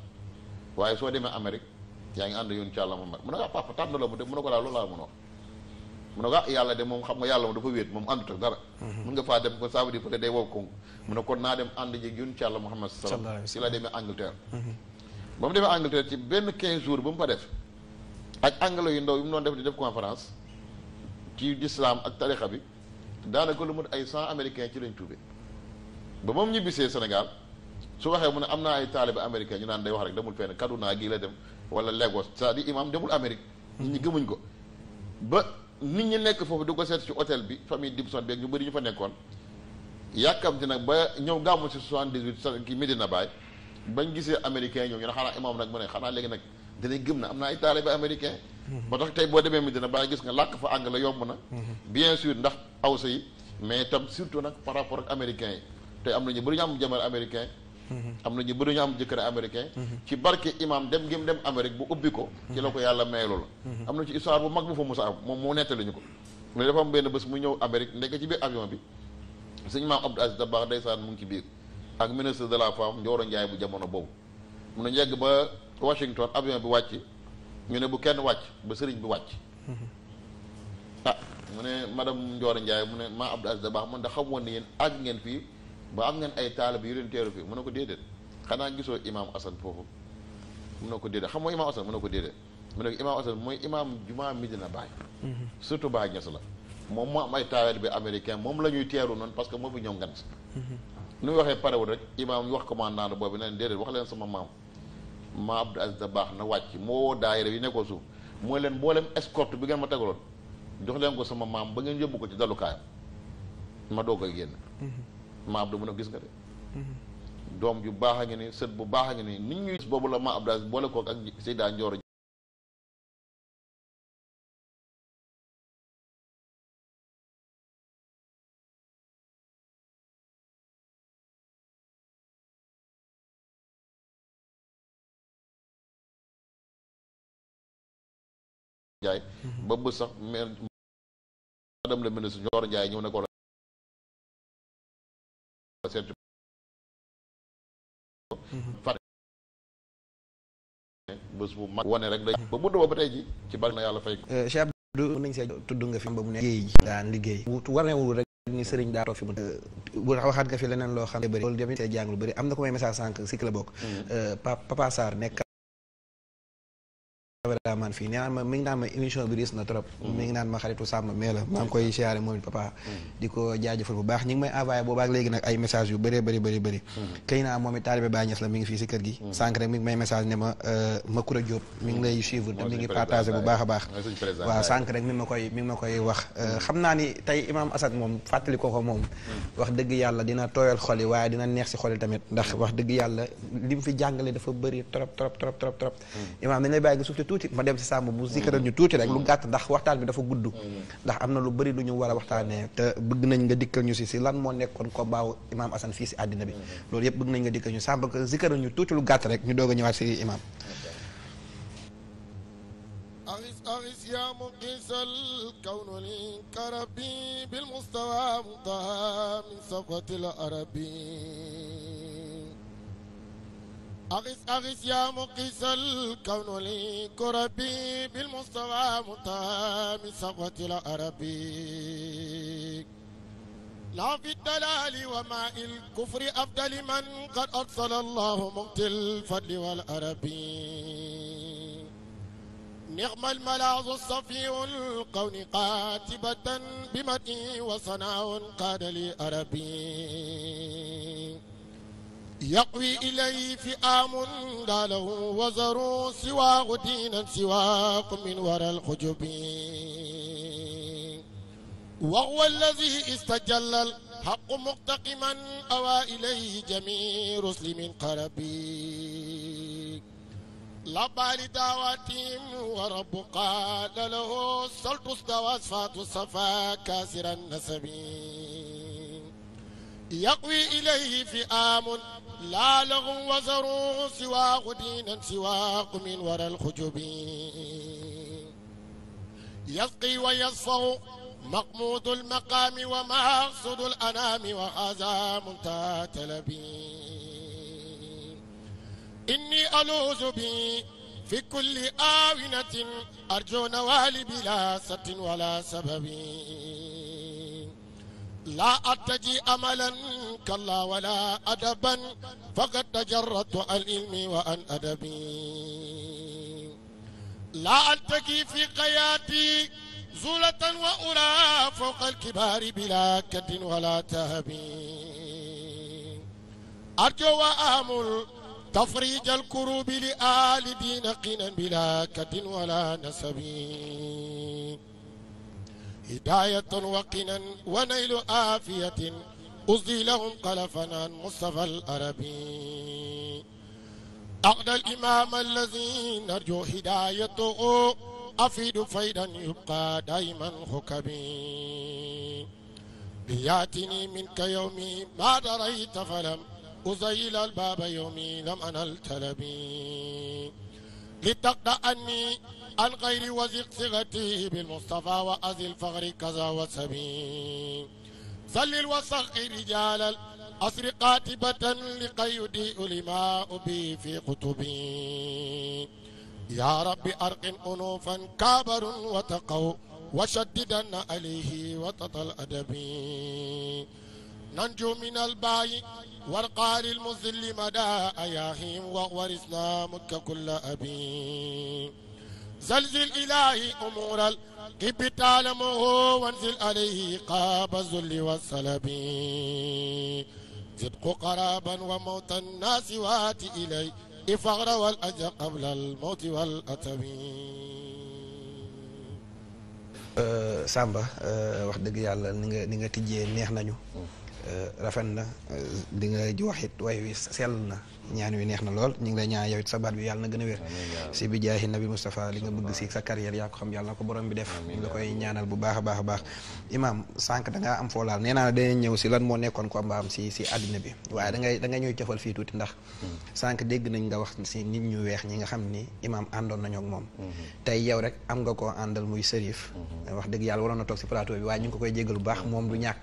waaye soo demee Amérique yaa ngi ànd yoon ci yàlla Muhammad mu ne ko ah, papa tànn la mu dem mu ne ko ah, laa ah, yàlla de moom xam nga yàlla moom dafa wéet moom àndut ak dara mhm. mun nga faa dem ko ça veut dire peut-être day wow kong mu ne kon naa dem ànd ji yoon ci yàlla la Angleterre mhm. ba mu demee Angleterre ci benn quinze jours ba mu fa def ak anglais yu ndaw yu mu doon def di def conférence ci islam ak tarixa bi daanaka lu mut ay cent américain ci lañ tuubee ba moom ñibbisee Sénégal su waxee mu ne am naa ay taalibe américain ñu naan day wax rek demul fenn Kaduna gii la dem wala Lagos cest à imam demul Amérique. nit ñi gëmuñ ko. ba nit ñi nekk foofu di ko seet ci hôtel bi famille Dibson beeg ñu bëri ñu fa nekkoon yàkkamti nag ba ñëw gàmmu si 78 kii Medina Baye bañ gisee américain ñëw ñu ne xanaa imam nag mu ne xanaa léegi nag dinañ gëm na am naa ay taalibe américain. Mhm. ba tax tey boo demee Medina Baye gis nga làkk fa anglais yomb na. Mhm. bien sûr ndax awsa yi mais itam surtout nag par rapport américain yi tey am na ñu bëri ñu am jamono américain am na ñu bëri ñu am jëkkër américain ci barke imam dem ngim dem Amérique bu ubbi ko ci la ko yàlla may loolu am na ci histoire bu mag bu fa musa am moom moo nettali ñu ko ne dafa am benn bés mu ñëw Amérique ndekk ci biir avion bi suñu maam Abdou Aziz Dabakh ndeysaan mu ngi ci biir ak ministre de la femme Ndioro Ndiaye bu jamono boobu mun na yegg ba Washington avion bi wàcc ñu ne bu kenn wàcc ba sëriñ bi wàcc ah mu ne madame Ndioro Ndiaye mu ne maa Abdou Aziz Dabakh man da xam woon ngeen fii ba am ngeen ay taalibe yu leen teeru fii mu ne ko déedéet xanaa gisoo imaam Assane foofu mu ne ko déedéet xam nga imaam Assane mu ne ko déedéet mu ne ko imaam Assane mooy imaam jumaa Medina Baay mhm. surtout Baay Ñas la moom moo am ay taalibe américain moom la ñuy teeru noonu parce que moo fi ñëw ngan si mhm. nu mu waxee parewul rek imaam wax commandant boobu ne leen déedéet wax leen sama maam ma Abdou Aziz da baax na wàcc moo daay daayira yi nekkoo suuf mooy leen mboolem escorte bi ngeen ma tegaloon jox leen ko sama maam ba ngeen yóbbu ko ci dalukaayam ma doog a génn mhm. ma abdu mën a gis nga de doom ju baax a ngi ni sët bu baax a ngi ni nit ñuy gis boobu la ma abdas boole kook ak Seyda Njoor Njaay ba bu sax madame le ministre Njoor Njaay ñëw ne ko seetu fàtte mhm. bés bu mag wane rek day mhm. ba mu doo ba tey ji ci bari na yàlla fay ko eh, Cheikh Abdou nañ see tudd nga fi ba mu ne liggéey ji daan liggéey warnewul rek ni sëriñ daa toog fi mu bu eh, waxaat nga fi leneen loo xam ne bëri loolu tamit see jàng lu bëri am na ko may message sànq si la bokk mhm. eh, Papa Sarr nekk Abdourahmane fii nee naan ma mi ngi naan ma émission bi riis na trop mm. mi ngi naan ma xaritu sàmm mais la maa ngi koy siyaare moom it papa mm. di ko jaajëfal bu baax ñi ngi may envoyé boobaak léegi nag ay message yu bëree bëri mm. naa moom it taalibe Baye euh, baax a baax waaw sànq rek mi ngi ma koy wax euh, xam naa ni tey Imam Assane moom fàttali ko moom wax dëgg yàlla dina tooyal xol yi waaye dina neex si xol yi tamit ndax wax dëgg yàlla li mu fi jàngale dafa bëri trop trop trop trop trop tuuti ma dem si sàmm mu zikaral ñu tuuti rek lu mm. gàtt ndax waxtaan bi dafa gudd mm. ndax am na lu bëri lu ñu war a waxtaanee te bëgg nañ nga dikkal ñu si si lan moo nekkoon ko baaw imaam Assane fii si àddina bi mm. loolu yëpp bëgg nañ nga dikkal ñu sàmm que zikaral ñu tuuti lu gàtt rek ñu doog a ñëwaat si imaam أغس أغس يا مقيس الكون الكربي بالمستوى مضى من صفوة الأربي أغس أغس يا مقيس الكون لي كربي بالمستوى متام صغوة العربي لا في الدلال وماء الكفر أفضل من قد أرسل الله مقتل الفضل والعربي نعم الملاذ الصفي الكون قاتبة بمدئ وصنع قاد لي عربي يقوي إليه فئام داله وزروا سواه دينا سواق من وراء الخجب وهو الذي استجل الحق مقتقما أوى إليه جميع رسل من قربي لبى لدعواتهم ورب قال له سلطس دواسفات الصفا كاسر النسبين يقوي إليه فئام لا لغو وزروه سواه دينا سواه من وراء الخجب يسقي ويصفو مقمود المقام ومقصد الأنام وهذا منتهى بي إني ألوذ بي في كل آونة أرجو نوال بلا ست ولا سببي لا أتجي أملا كلا ولا أدبا فقد تجرت عن علمي وعن أدبي لا ألتقي في قياتي زولة وأرى فوق الكبار بلا كد ولا تهب أرجو وآمل تفريج الكروب لآل دين قنا بلا كد ولا نسب هداية وقنا ونيل آفية أزي لهم قلفنا مصطفى العربي أقد الإمام الذي نرجو هدايته أفيد فيدا يبقى دائما حكمي بياتني منك يومي ما دريت فلم أزيل الباب يومي لم أنل تلبي لتقطعني عن غير وزقزغته بالمصطفى وأذي الفغر كذا وسبيل سل الوسخ رجال الأسر قاتبة لقيد يضيء بي في قطبي يا رب أرق أنوفا كابر وتقوا وشددن عليه وتط الأدب ننجو من الباي والقال المذل مدى أياهم وورثنا مك كل أبي زلزل الهي امور الابتال مهو وانزل عليه قاب الذل والسلب صدق قرابا وموت الناس وات الي افغر والاجر قبل الموت والاتم أه، سامبا أه، واخ دغ يالا نيغا نيغا تيجي نيه أه، نانيو رافن دي نغا جي سيلنا ñaan wi neex na lool ñu ngi lay ñaan yow it sa baat bi yàlla na gën a wér si bi jaahi nabi Moustapha li nga bëgg si sa carrière yaa ko xam yàlla na ko borom bi def ñu ngi koy ñaanal bu baax a baax a baax imaam sànq da am foo laal nee naa la danañ ñëw si lan moo nekkoon ko mbaam si si àddina bi waaye da ngay da nga ñuy cofal fii tuuti ndax mm-hmm. sànq dégg nañ nga wax si nit ñu weex ñi nga xam ni imaam àndoon nañu moom mm-hmm. tey yow rek am nga koo àndal muy sërif mm-hmm. wax dëgg yàlla waroon na toog si plateau bi waaye ñu ngi ko koy jégal bu baax moom du ñàkk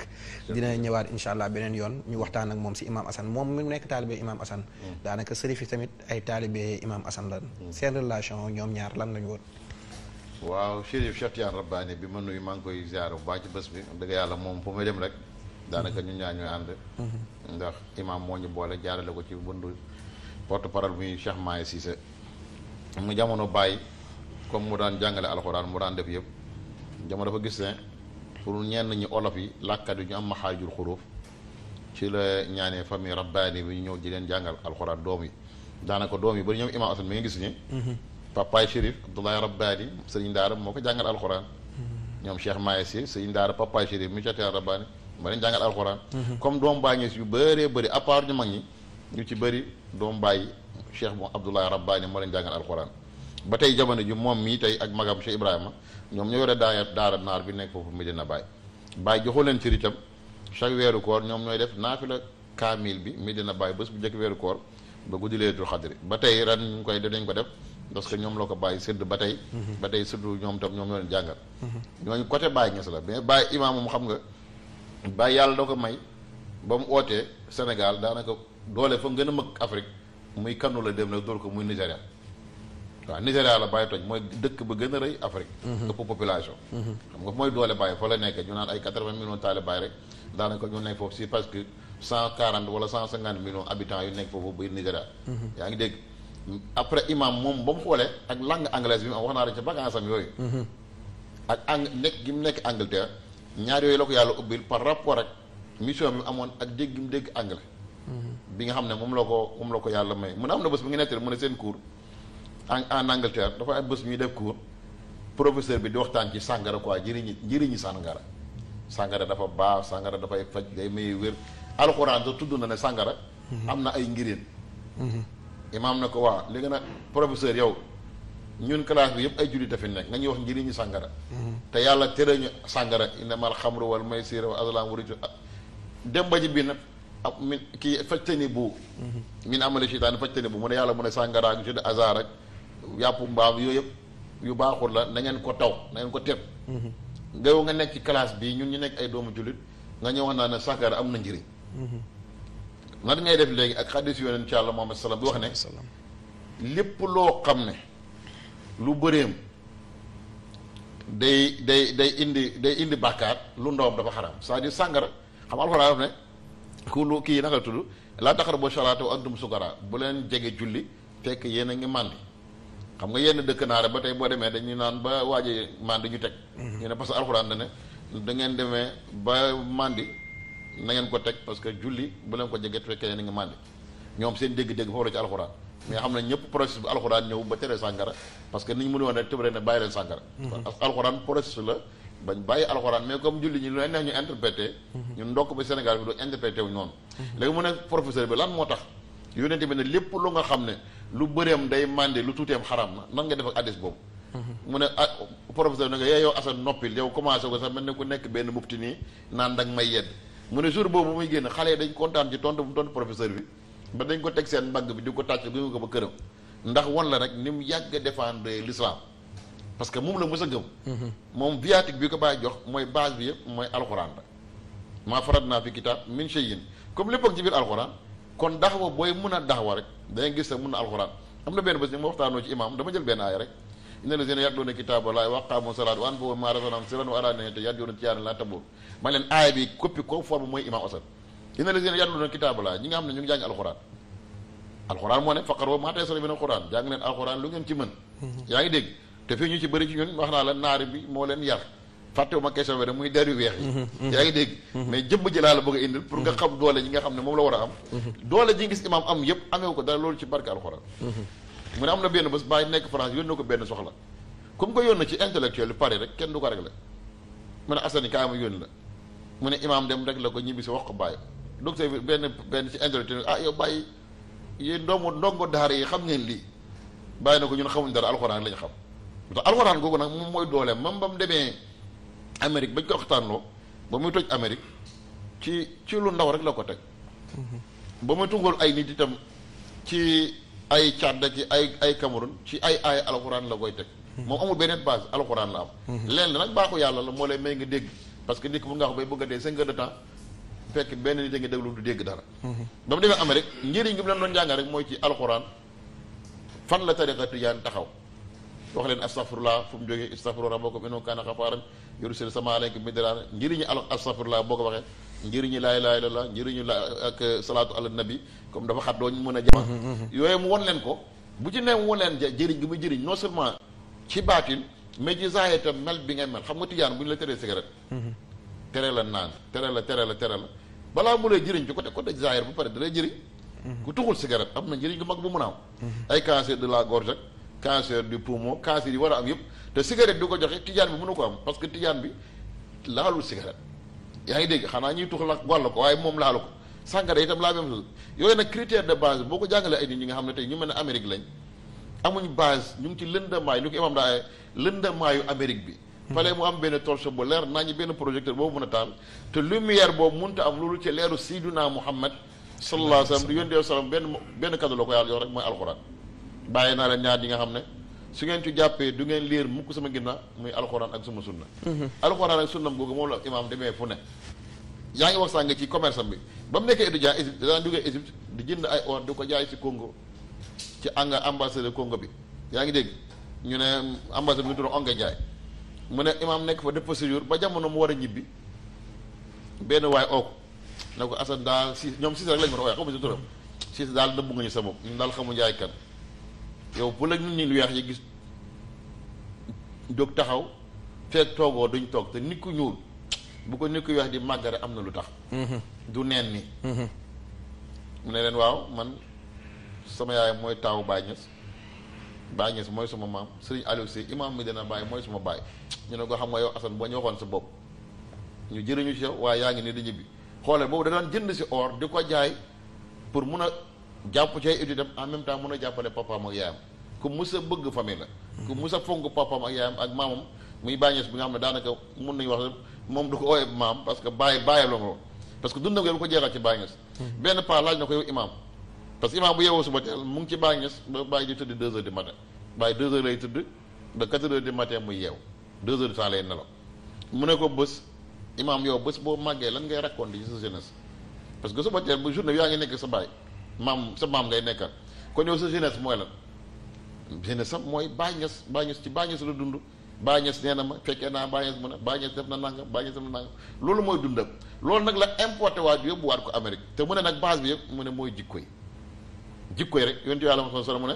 dina ñëwaat incha allah yoon ñu waxtaan ak moom si imaam Assane moom mu nekk taalibe imaam Assane daanaka sërif yi tamit ay taalibe imam Assane lan mm. seen relation ñoom ñaar lan lañu woon waaw Chérif Cheikh Tidiane Rabbani bi ma nuy maa ngi koy ziar bu baax ci bés bi dëgg yàlla moom fu may dem rek daanaka ñun ñaar ñooy ànd mm-hmm. ndax imam moo ñu boole jaarale ko ci bundu porte parole muy Cheikh Maye Cissé mu jamono bàyyi comme mu daan jàngale alxuraan mu daan def yëpp jamono dafa gis ne pour ñenn ñi olof yi làkkat yi ñu am maxaajul xuruuf ci la ñaanee famille rabbaani bi ñu ñëw di leen jàngal alxuraan doom yi daanaka doom yi bari ñoom imam Assane mi nga gis ni mhm. papaay Chérif Abdoulaye rabbaani sëriñ moo ko jàngal alxuraan mhm. ñoom Cheikh Maye Si sëriñ daara papaay Chérif mi cateen rabbaani ma leen jàngal alxuraan mhm. comme doom baa ngees yu bëree bëri à part ñu mag ñi ñu ci bëri doom bàyyi Cheikh moom Abdoulaye rabbaani moo leen jàngal alxuraan ba tey jamono ji moom mii tey ak magam Cheikh Ibrahima ñoom ñoo yore daara daara naar bi nekk foofu Medina Baye Baye joxoo leen cër itam chaque weeru koor ñoom ñooy def naafila kaamil bi mi dina bàyyi bés bu njëkk weeru koor ba guddi leetul xadri ba tey ren ñu ngi koy def dañ ko def parce que ñoom la ko bàyyi sédd ba tey mhm. ba tey surtout ñoom tam ñoom ñoo leen jàngal mhm. ñooñu côté bàyyi ñes la mais bàyyi imaam moom xam nga bàyyi yàlla doo ko may ba mu ootee Sénégal daanaka doole fa gën a mag Afrique muy kanu la dem nag door ko muy Nigéria waa Nigéria la bàyyi toj mooy dëkk ba gën a rëy Afrique mhm. ëpp population xam mooy doole bàyyi fa la nekk ñu naan ay quatre-vingts millions taali bàyyi rek daanaka ñu nekk foofu si parce mhm. yaa ngi dégg après imam moom ba mu xoolee ak langue anglaise bi mu am wax naa la ca vacances yooyu mhm. ak ang gi mu nekk anglais bi nga xam ne moom la ko moom la ko yàlla may mun a am na bés bu ngi nettali mu ne seen cours en Angleterre dafa am bés ñuy def cours professeur bi di waxtaan ci sàngara ko njëriñi njëriñi sàngara sàngara dafa baax sàngara dafay faj day may wér alxuraan da tudd na ne sàngara mhm. am na ay ngireen mhm. imaam na ko waa léegi nag professeur yow ñun classe bi yëpp ay jullit dafa nekk nañuy wax njëriñu sàngara mhm. te yàlla tere ñu sàngara innamal xamru wal maysir wa azlam waritu dem ba ci biir nag am min kii fajtani bu min amali seytaani fajtani bu mu ne yàlla mu ne sàngara ak jënd azar ak yàppu mbaam yooyu yëpp yu baaxul la na ngeen ko taw na ko teg nga yow nga nekk ci classe bii ñun ñu nekk ay doomu jullit nga ñëw wax naa ne sàngara am na njëriñ nan ngay def léegi ak xadis yonent ci Yàlla Muhammad salaam bi wax ne lépp loo xam ne lu bëreem day day day indi day indi bàkkaar lu ndawam dafa xaraam c'est-à-dire sàngara xam alxuraan wax ne ku lu kii naka la tudd laa taxar boo salaata wa antum sukara bu leen jege julli fekk yéen a ngi màndi xam nga yenn dëkk naare ba tey boo demee dañuy naan ba waaje mandi ñu teg ñu mhm. ne parce que alxuraan da ne da ngeen demee ba mandi na ngeen ko teg parce que julli bu leen ko jege fekkee ni nga mandi ñoom seen dégg-dégg foofu la ci alxuraan mais xam na ñëpp process bi alxuraan ñëw ba tere sàngara parce que ni mënu woon rek ya. mhm. tëb ne bàyyi leen sàngara alxuraan process la bañ bàyyi alxuraan mais comme julli ñu leen neex ñu interprété ñun ya, ndokk ba mhm. Sénégal bi du interprété wu noonu léegi mu ne professeur bi lan moo tax yonente bi ne lépp lu nga xam ne lu bëreem day màndi lu tuuteem xaram na nan nga def ak addis boobu mu ne a ah, professeur ne ko eh, yow Assane noppil yow commencé ko sax mel ne ku nekk benn mufti naan danga may yedd mu ne jour boobu muy génn xale dañ kontaan ci tontu mu tontu professeur bi ba dañ ko teg seen mbagg bi di ko tàcc gunge ko ba këram ndax wan la rek ni mu yàgg a défendre l'islam parce que moom la mës a gëm moom viatique bi ko bàyyi jox mooy base bi yëpp mooy alxuraan la maa farat naa fi kitaab min shay'in comme lépp ak ci biir alxuraan kon daxwa booy mun a daxwa rek dangay gis sax mun a alxuraan am na benn bés ñu ma waxtaanoo ci imaam dama jël benn aaya rek inna lazina yatluuna kitaaba laahi leen aaya bi kitaaba laahi ñi nga xam ne ñu ngi jàng alxuraan alxuraan moo ne faqara'uu maa tayassara mina alxuraan jàng alxuraan lu ngeen ci mën yaa ngi dégg te fii ñu ci bëri ci ñun wax naa la naari bi moo leen yar fàttewuma question bi rek muy der yu weex yi mhm, mhm. yaa ngi dégg mhm. mais jëmm ji la bëgg a indil pour nga xam doole ji nga xam ne moom la war a am doole ji gis imaam am yëpp amee ko dara loolu ci barke alxuraan mu ne am na benn bés baa nekk France yónne ko benn soxla comme ko yónne ci intellectuel yu pare rek kenn du ko réglé mu ne Assane kaay ma yónni la mu ne imaam dem rek la ko ñibbi si wax ko bàyyi docteur bi benn benn ci intellectuel ah yow bàyyi yéen ndongo ndongo daara yi xam ngeen lii bàyyi na ko ñun xamuñ dara alxuraan lañ xam ndax alxuraan googu nag mooy doole mam ba mu demee Amérique bañ ko waxtaanloo ba muy toj Amérique ci ci lu ndaw rek la ko teg. ba muy tungal ay nit itam ci ay Tchad ci ay ay Cameroun ci ay ay alxuraan la koy teg. moom amul beneen base alxuraan la am. lenn nag baaxu yàlla la moo lay may nga dégg parce que nit mun nga xam bay bëgg a dee cinq heures de temps fekk benn nit a ngi déglu du dégg dara. ba mu demee Amérique njëriñ gi mu leen doon jàngal rek mooy ci alxuraan fan la tariqa tijaan taxaw. wax leen astafurlah fu mu jógee istafurlah rabbakum boo ko waxee njëriñu laa ilaaha illallaah njëriñu la ak salaatu ala nabi comme dafa xat dooñ mën a jama mm-hmm, mm-hmm. yooyu mu won leen ko bu ci ne mu won leen jëriñ gi muy jëriñ non seulement ci baatin mais ci tam mel bi ngay mel xam nga tijaan bu ñu la teree cigarette mm-hmm. tere la naan tere la tere la tere la balaa mu lay jëriñ ci côté côté zaahir bu pare da lay jëriñ ku tuxul cigarette am na njëriñ gu mag bu mun a ay cancer de la gorge cancer du poumon cancer yi war a am yëpp te cigarette du ko joxe tijaan bi mënu ko am parce que tijaan bi laalul cigarette yaa ngi dégg xanaa ñuy tux la wàll ko waaye moom laalu ko sàngara itam la même chose yooyu nag critère de base boo ko jàngalee ay nit ñi nga xam ne tey ñu mel ne Amérique lañ ñu ngi ci lëndamaay lu ko imam daa lëndamaayu Amérique bi hmm. fale mu am benn torche bu leer naa benn projecteur boobu mën a taal te lumière boobu mënta am loolu ci leeru Seydina Muhammad sallallahu alayhi wa sallam di yónnee sallam benn benn cadeau la ko yàlla jox rek mooy alxuraan bàyyi naa leen ñaar yi nga xam ne su ngeen ci jàppee du ngeen liir mukk sama ginnaaw muy alxuraan ak suma sunna mhm. alxuraan ak sunnam googu moom la imaam demee fu ne yaa ngi wax sànq ci commerce am bi ba mu nekkee étudiant Égypte daan jógee Égypte di jënd ay or di ko jaay ci Congo ci anga ambassadeur Congo bi yaa ngi dégg ñu ne ambassadeur bi ñu tudd Ongué mu ne imaam nekk fa def fa séjour ba jamono mu war a ñibbi benn waay ooku na ko Assane daal si ñoom si rek lañ mën a si daal nëbbu nga ñu sa bopp ñun daal xamu njaay kan yow bu la ñun lu weex yi gis jóg taxaw fekk toogoo duñ toog te nit ku ñuul bu ko nikk weex di màggare am na lu tax mm-hmm. du neen ni mm-hmm. mu ne leen waaw man sama yaay mooy taawu Baay Ñas Baay Ñas mooy suma maam Sëriñ Aliou Sy imaam mi dana bàyyi mooy suma baay ñu ne ko xam nga yow Assane boo ñu waxoon sa bopp ñu jëriñu ci waaye yaa ngi nii di ñibbi xoolal boobu da daan jënd si or di ko jaay pour mun a jàpp ci ay études am en même mun a jàppale papaam ak yaayam ku mus a bëgg famille la. ku mus a fonk papaam ak yaayam ak maamam muy bàyyi bi nga xam ne daanaka mun nañu wax moom du ko ooyee maam parce que bàyyi bàyyi la woon parce que dundam yooyu bu ko jeexal ci bàyyi mhm. benn paa laaj na ko yow imaam parce que imaam bu yeewoo suba teel mu ci bàyyi ba bàyyi di tëdd deux heures du matin bàyyi deux heures lay tëdd ba quatre heures du matin muy yeew de ne ko bés imaam yow boo màggee lan ngay raconte ci sa jeunesse ngi nekk sa bàyyi maam sa maam ngay nekkal kon yow sa jeunesse mooy lan jeunesse sax mooy bàññes bàññes ci bàññes la dund bàññes nee ma fekkee naa bàññes mu ne bàññes def na nangam bàññes def na nangam loolu mooy dundam loolu nag la importé waat yóbbu waat ko Amérique te mu ne nag baas bi yëpp mu ne mooy jikko yi jikko yi rek yonent yàlla ma son mu ne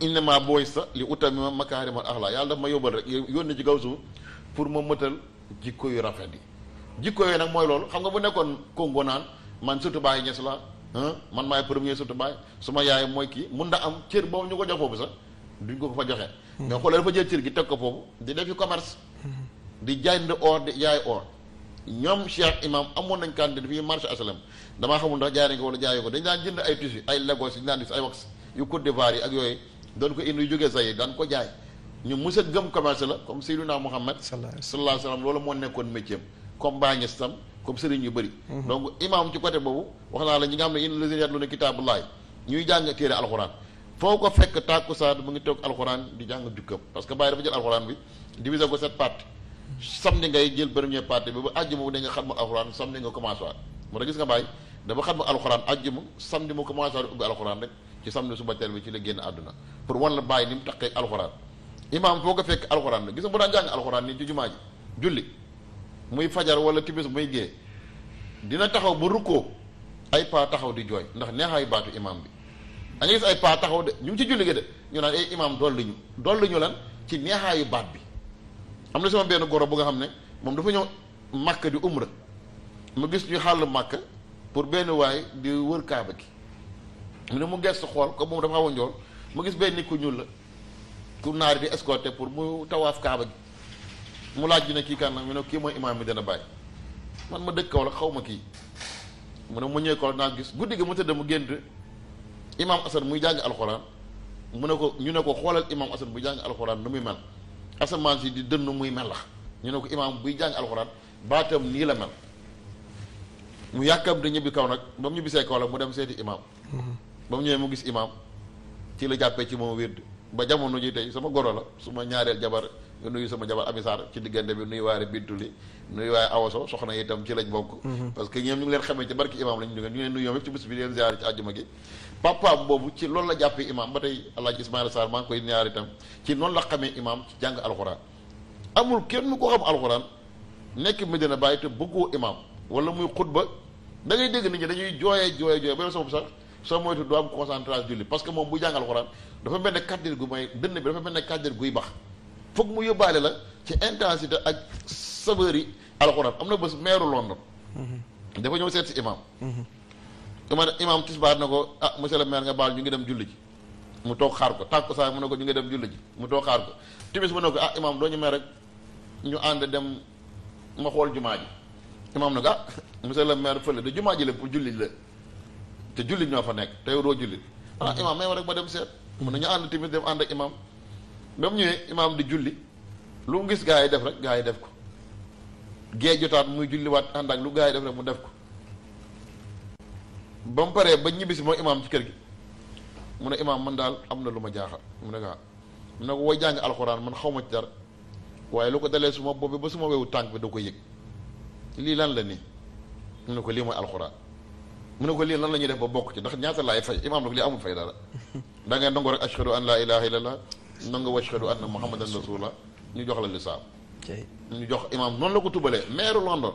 innama booy sa li ma utamima ak laa yàlla daf ma yóbbal rek yónni ci kaw suuf pour ma mëtal jikko yu rafet yi jikko yooyu nag mooy loolu xam nga bu nekkoon Congo naan man surtout bàyyi ñes man maay premier surtout baay su ma yaay mooy kii mun na am cër boobu ñu ko jox foofu sax duñ ko ko fa joxe. mais xoolal dafa jël cër gi teg ko foofu di defi commerce. di jaay or di jaay or. ñoom Cheikh Imam amoon nañ cantine fii marché asalam damaa xamul ndax jaay nañ ko wala jaayoo ko dañ daan jënd ay tissu ay Lagos yi ñu daan ay wax yu Côte d'Ivoire yi ak yooyu doon ko indi yu jógee say daan ko jaay ñu mës a gëm commerce la comme Seydina Mouhamed sallallahu alayhi wa sallam loolu moo nekkoon métier am comme Baay Ñas tam comme serigne yu bari mhm. donc imam ci côté bobu wax na la ñi nga xam ne in lazina ne kitabullah ñuy jang téré alxuraan foko fekk tàkkusaan mu ngi tok alxuraan di jang jukkam parce que bàyyi dafa jël alxuraan bi diviser ko sept part samedi ngay jël premier part bi bu aljumu bu ne nga xam alxuraan samedi nga commencé wat mo tax gis nga bàyyi dafa xam alxuraan aljumu samedi mu commencé waat ubbi rek ci samedi suba tel bi ci la genn aduna pour wan la bàyyi ni mu taqee alxuraan imaam fekk alxuraan gis nga bu daan jang alxuraan ni ci jumaa ji julli muy fajar wala timis muy gée dina taxaw ba rukkoo ay paa taxaw di jooy ndax neexaayu baatu imaam bi da nga gis ay paa taxaw de ñu ngi ci julli gi de ñu naan ay eh, imaam dolli ñu dolli ñu lan ci neexaayu baat bi am na sama benn goro bu nga xam ne moom dafa ñëw màkk di umra mu gis ñu xàll pour benn di wër kaaba gi mu ne mu gestu xool comme moom dafa xaw a njool mu gis benn nit ku ñuul la ku naar di escorté pour mu tawaaf kaaba gi mu laaj ne kii kan na mu ne kii mooy imaam mi dana bàyyi man ma dëkk Kaolack xaw ma kii mu ne mu ñëwee Kaolack naa gis guddi gi mu tëdd gént imaam Assane muy jàng alxuraan mu ne ko ñu ne ko xoolal imaam Assane buy jàng alxuraan nu muy mel asamaan si di dënn muy mel la ñu ne ko imaam buy jàng alxuraan baatam nii la mel mu yàkkam di ñibbi kaw nag moom mu ñibbisee kaw la mu dem seeti imaam mm-hmm. ba mu ñëwee mu gis imaam ci la jàppee ci moom wérd ba jamono ji tey sama goro la su ma ñaareel jabar nga nuyu sama jabar amisaar ci diggante bi nuyu waare bintuli nuyu waaye awoso soxna itam ci lañ bokk mhm. parce que ñoom ñu ngi leen xamee ci barki imam lañ jógee ñu leen nuyu ñoom yëpp ci bis bi leen ziar ci àjjuma gi ba tey alaaji ismaila sarr maa ngi koy ñaar itam ci noonu la xamee imam ci jàng alxuraan amul kenn ko xam alxuraan nekk Medina Baye te bëggoo imam wala muy xutba da ngay dégg nit ñi dañuy jooyee jooyee jooyee ba yow sama sax soo moytu doo am concentration julli parce que moom bu jàng alxuraan dafa mel ne kàddir gu may dënn bi guy bax foog mu yóbbaale la ci intensité ak saveur yi alxuraan am na bés meeru London mhm. dafa ñëw seet si imam mhm. imam imam tisbaar na ko ah monsieur le maire nga baal ñu ngi dem julli ji mu toog xaar ko tàkku saa mu ne ko ñu ngi dem julli ji mu toog xaar ko timis mu ne ko ah imam doo ñu mer ñu ànd dem ma xool jumaa ji na ko ah le maire fële de jumaa ji la pour julli la te jullit ñoo fa nekk te yow doo jullit mhm. ah imam même rek ma dem seet mu ne ñu ànd timis dem ànd ak imam même ñu ne imaam di julli lu mu gis gaa yi def rek gaa yi def ko gee jotaat muy julliwaat ànd ak lu gaa yi def rek mu def ko ba mu paree ba ñibbisi moo imaam ci kër gi mu ne imaam man daal am na lu ma jaaxal mu ne gaa ah. mu ne ko way jàng alxuraan man xaw ma ci dara waaye lu ko dalee su ma bi ba suma wewu tànk bi da ko yëg lii lan la nii mu ne ko lii mooy alxuraan mu ne ko lii lan la ñuy def ba bokk ci ndax ñaata laay fay imaam nag lii amul fay dara da ngay nangu rek ashhadu an nanga washhadu anna muhammadan rasulullah ñu jox la lislaam ñu jox imaam noonu la ko tubalee maire London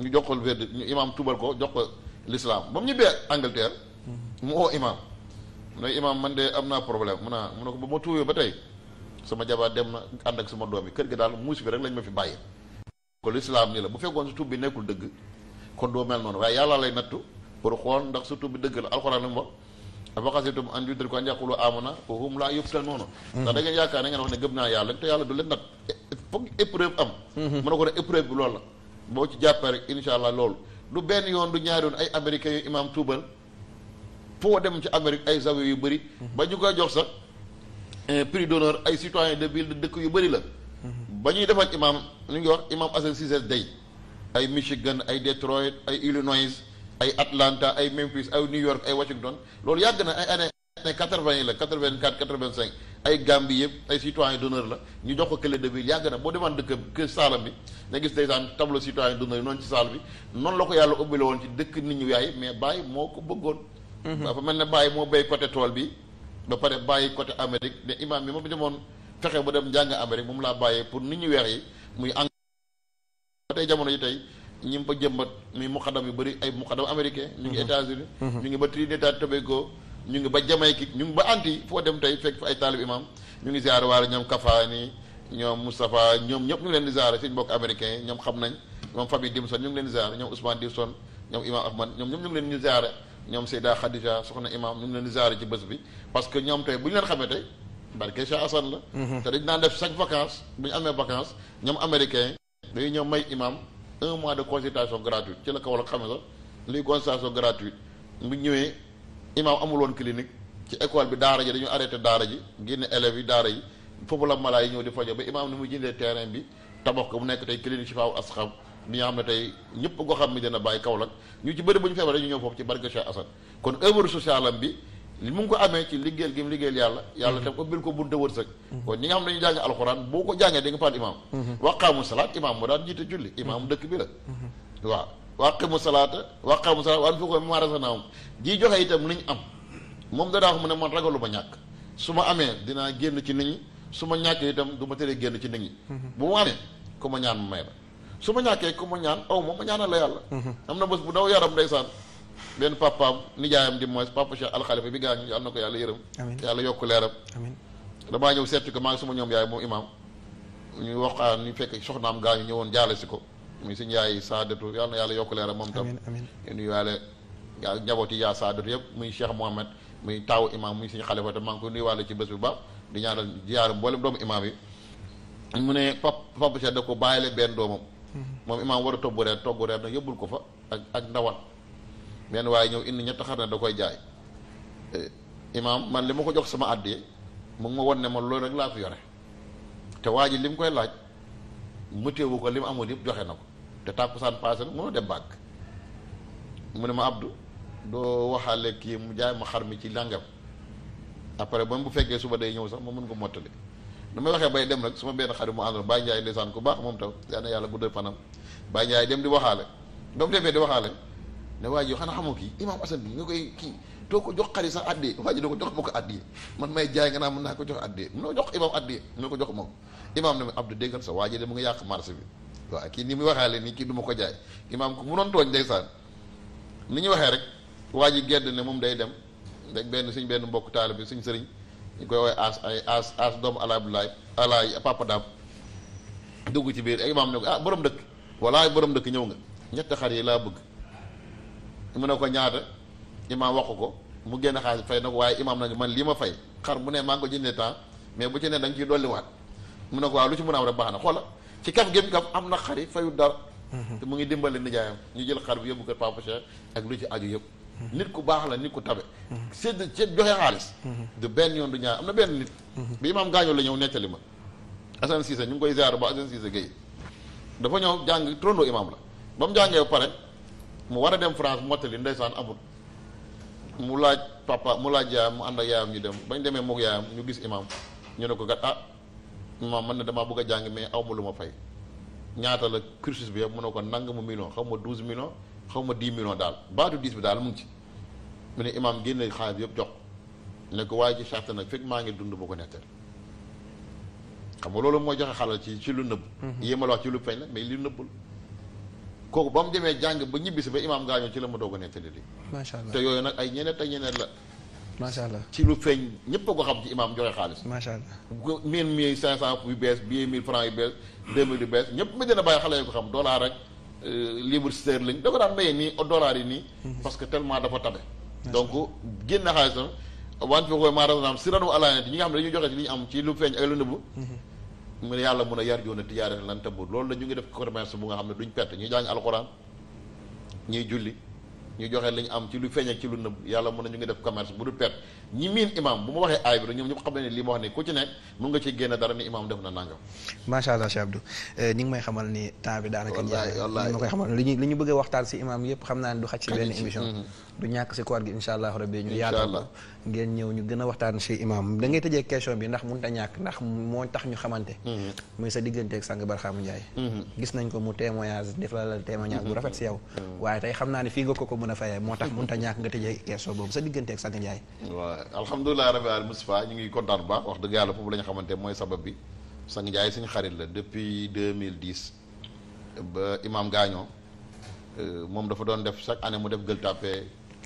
ñu jox ko ñu imaam tubal ko jox ko lislaam ba mu ñibbee Angleterre mhm. mu oo imaam mu imaam man de am naa problème mu naa mu ne ko ba ma tuubee ba tey suma jabaar dem na ànd ak sama doom yi kër gi daal muus bi rek lañ ma fi bàyyi ko lislaam ni la bu fekkoon sa tub bi nekkul dëgg kon doo mel noonu waaye yàlla lay nattu pour xool ndax sa tub bi dëgg la alxuraan la mu dafa xasitum an judal ko an yaqulu amana wa hum la hmm. ndax da ngeen yaakaar ne ngeen wax ne gëm naa yàlla te yàlla du leen nat e, foog épreuve am hmm. mën na ko ne épreuve bi la boo ci jàppee rek insha allah loolu du benn yoon du ñaari yoon ay américains yu imaam tuubal foo dem ci amérique ay zawi yu bëri hmm. ba ñu koy jox sax eh, prix d'honneur ay citoyens de ville de dëkk yu bëri la ba ñuy defal imaam ñu ngi wax imaam Assane Cissé day ay Michigan ay Detroit ay Illinois ay Atlanta ay Memphis ay New York ay Washington loolu yàgg na ay année année quatre yi la quatre-vingt-quatre quatre-vingt-cinq ay Gambie yëpp ay citoyen d'honneur la ñu jox ko clé de ville yàgg na boo demaan dëkk kër saalam bi nga gis déjà tableau citoyen d'honneur yi noonu ci saal bi noonu la ko yàlla ubbile woon ci dëkk nit ñu yaay mais Baye moo ko bëggoon mhm. dafa mel ne bàyyi moo bay côté tool bi ba pare bàyyi côté Amérique mais imam bi ma demoon fexe ba dem njàng Amérique moom laa bàyyee pour nit ñu weex yi muy eng tey jamono ji tey ñi fa jëmbat muy muqadam yu bëri ay muqadam américain ñu ngi mhm. États-Unis mhm. ñu ngi ba Trinidad ñu ngi ba Jamaïque ñu ngi ba Antilles foo dem tey fekk fa ay taalib imam ñu ngi ziar waale ñoom Kafaani ñoom Moustapha ñoom ñëpp ñu ngi leen di ñoom xam Dimson ñoom imam Ahmad ñoom ñoom ñu ngi leen ñu ñoom Seyda Khadija soxna imam ñu ngi leen di ci bés bi parce que ñoom tey bu ñu leen xamee tey barke Cheikh la mhm. te dañ naan def chaque vacance bu ñu amee vacance un mois de consultation gratuite ci la kaw la xamee sax luy consultation gratuite bu ñëwee imaam amul clinique ci école bi daara ji dañu arrêté daara ji génne élèves yi daara yi foofu la malaa yi ñëw di fajo ba imaam ni mu jëndee terrain bi tabax ko mu nekk tey clinique si faaw asxam bi nga xam ne tey ñëpp goo xam mi dina bàyyi Kaolack ñu ci bëri bu ñu feebaree ñu ñëw foofu ci barke Cheikh Assane kon œuvre sociale am bi mu ngi ko amee ci liggéeyal gi mu liggéeyal yàlla yàlla tam ubbil ko bunte wërsëg mhm. kon ñi nga xam ne dañu jàng alxuraan boo ko jàngee da nga paat imaam mhm. waqaamu salaat imaam moo daan mhm. la waaw waqimu salaata waqaamu salaat waan fi ko mimmaa razaqnaahum di joxe mu ne man ragalu ma ñàkk su ma amee dinaa génn ci nit ñi su ma ñàkkee itam du ma tëree génn ci nit ñi bu ma amee ku ma ñaan ma may la su ma ñàkkee ku ma ñaan aw ma ma ñaanal la yàlla am na bés bu daw yaram ndeysaan benn papaam nijaayam di mooy papa Cheikh Al Khalifa bi gaañu yàlla na ko yàlla yërëm yàlla yokk leeram damaa ñëw seet ko maa ngi suma ñoom yaay moom imaam ñu waxtaan ñu fekk soxnaam gaañu ñëwoon jaale si ko muy suñu yaay saadatu yàlla na yàlla yokk leeram moom tam ñu waale yaa njabooti yaa yëpp muy Cheikh Mohamed muy taawu imaam muy suñu xalifa tam maa ngi ci bés bu baax di ñaanal jiyaaram mboolem doomu imaam yi mu ne pap pap Cheikh da ko bàyyile benn doomam mm-hmm. moom imaam war a togg reer togg reer nag yóbbul ko fa ak ak ndawal benn waaye ñëw indi ñetti xar ne da koy jaay eh, imaam man li ma ko jox sama àddee mu ngi ma won ne ma loolu rek laa fi yore te waa ji li mu koy laaj mutéewu ko li mu amoon yëpp joxe na ko te tàkkusaan paase na mënoo dem bàkk mu ne ma Abdou doo waxaale kii mu jaay ma xar mi ci làngam après moom bu fekkee suba day ñëw sax ma mun ko mottali nu may waxee bay dem rek su ma benn xari mu àndoon Baye Ndiaye ndeysaan ku baax moom tam yal na yàlla guddal fanam Baye Ndiaye dem di waxaale ba mu di waxaale. ne waa ji xanaa xamoo kii imaam Assane bi nga koy kii doo ko jox xari sax addee waa ji doo ko jox ma ko addee man may jaay nga naa mën naa ko jox addee munoo jox imaam addee munoo ko jox moom imaam ne ma Abdou déggal sa waa ji de mu ngi yàq marché bi waaw kii ni mu waxaale nii kii du ma ko jaay imaam ku munoon tooñ ndeysaan ni ñu waxee rek waa ji gedd ne moom day dem rek benn suñ benn mbokk taali bi suñ sëriñ ñu koy woowee as ay as as doomu alaabulaay alaay papa daam dugg ci biir imaam ne ko ah borom dëkk walaay borom dëkk ñëw nga ñetti xar yi laa bëgg mu ne ko ñaata imaam waxu ko mu génn xaalis fay na ko waaye imaam nag man lii ma fay xar mu ne maa ngi ko jëndee temps mais bu ci ne da nga ciy dolliwaat mu ne ko waaw lu ci mën a am rek baax na xoola ci kaf gém kaf am na xari fayul dara mhm. te mu ngi dimbale nijaayam ñu jël xar bi yóbbu kër Papa ak lu ci aju yëpp mhm. nit ku baax la nit ku tabe mhm. sédd sédd joxe xaalis du benn yoon du ñaar am na benn nit bi imaam gaañoo la ñëw nettali ma Assane Cissé ñu ngi koy ziar ba Assane Cissé Gueye dafa ñëw jàng trondoo imaam la ba mu jàngee pare mu war a dem France mottali ndeysaan amul mu laaj papa mu laaj yaayam mu ànd ak yaayam ñu dem bañ demee moog yaayam ñu gis imam ñu ne ko gat ah imam man ne damaa bëgg a jàng mais aw ma lu ma fay ñaata la cursus bi yëpp mu ne ko nangamu million xaw ma douze million xaw ma dix million daal baatu dix bi daal mu ngi ci mu ne imam génne xaalis bi yëpp jox ne ko waaye ci charte nag fekk maa ngi dund bu ko netteel xam nga loolu moo joxe xalal ci ci lu nëbb mhm. yéema ma wax ci lu feeñ la mais li nëbbul kooku ba mu demee jàng ba ñibbisi ba imaam gaañoo ci la mu doog a nettali li macha allah te yooyu nag ay ñeneen te ñeneen la macha allah ci lu feeñ ñëpp ko xam ci imaam joxe xaalis macha allah cent yu bees billet mille francs yu bees deux mille dollar rek euh, libre seer lañ da ko daan béyee nii dollars yi nii mhm. parce que tellement dafa tabe donc génn xaalisam wante foo koy maa raisonam si ranu alaanati ñi nga xam ne dañuy joxe ci li ñu am ci lu feeñ ak lu nëbbu mhm. mu ne yàlla mun a yar joona tijaaratan lan tabur loolu la ñu ngi def commerce bu nga xam ne duñ perte ñuy jàng alxuraan ñuy julli ñu joxe li am ci lu feeñ ak ci lu nëbb yàlla mun na ñu ngi def commerce bu du perte ñi miin imam bu ma waxee aay bi rek ñoom ñëpp xam ne li ma wax ne ku ci nekk mun nga ci génn dara ni imam def na nangam. macha allah Cheikh eh, may xamal ni temps bi daanaka. ma koy xamal ñu li ñu bëgg a waxtaan si imam yëpp xam naa ne du xaj du ñàkk si koor gi incha allah rabbi ñu yaatal ngeen ñëw ñu gën a waxtaan si imam da ngay tëjee question bi ndax munta ñàkk ndax moo tax ñu xamante mhm. muy sa diggante ak sang barxaamu Njaay mhm. gis nañ ko mu témoignage def la la témoignage bu mhm. rafet si yow waaye tey xam naa ne fii nga ko ko mën a fayee moo tax munta ñàkk nga tëjee question boobu sa diggante ak sang Njaay waaw alhamdulilah rabbi al musfa ñu ngi kontaan baax wax dëgg yàlla foofu la ñu xamante mooy sabab bi sang Njaay suñu xarit la depuis 2010 ba imam gaañoo euh, moom dafa doon def chaque année mu def gël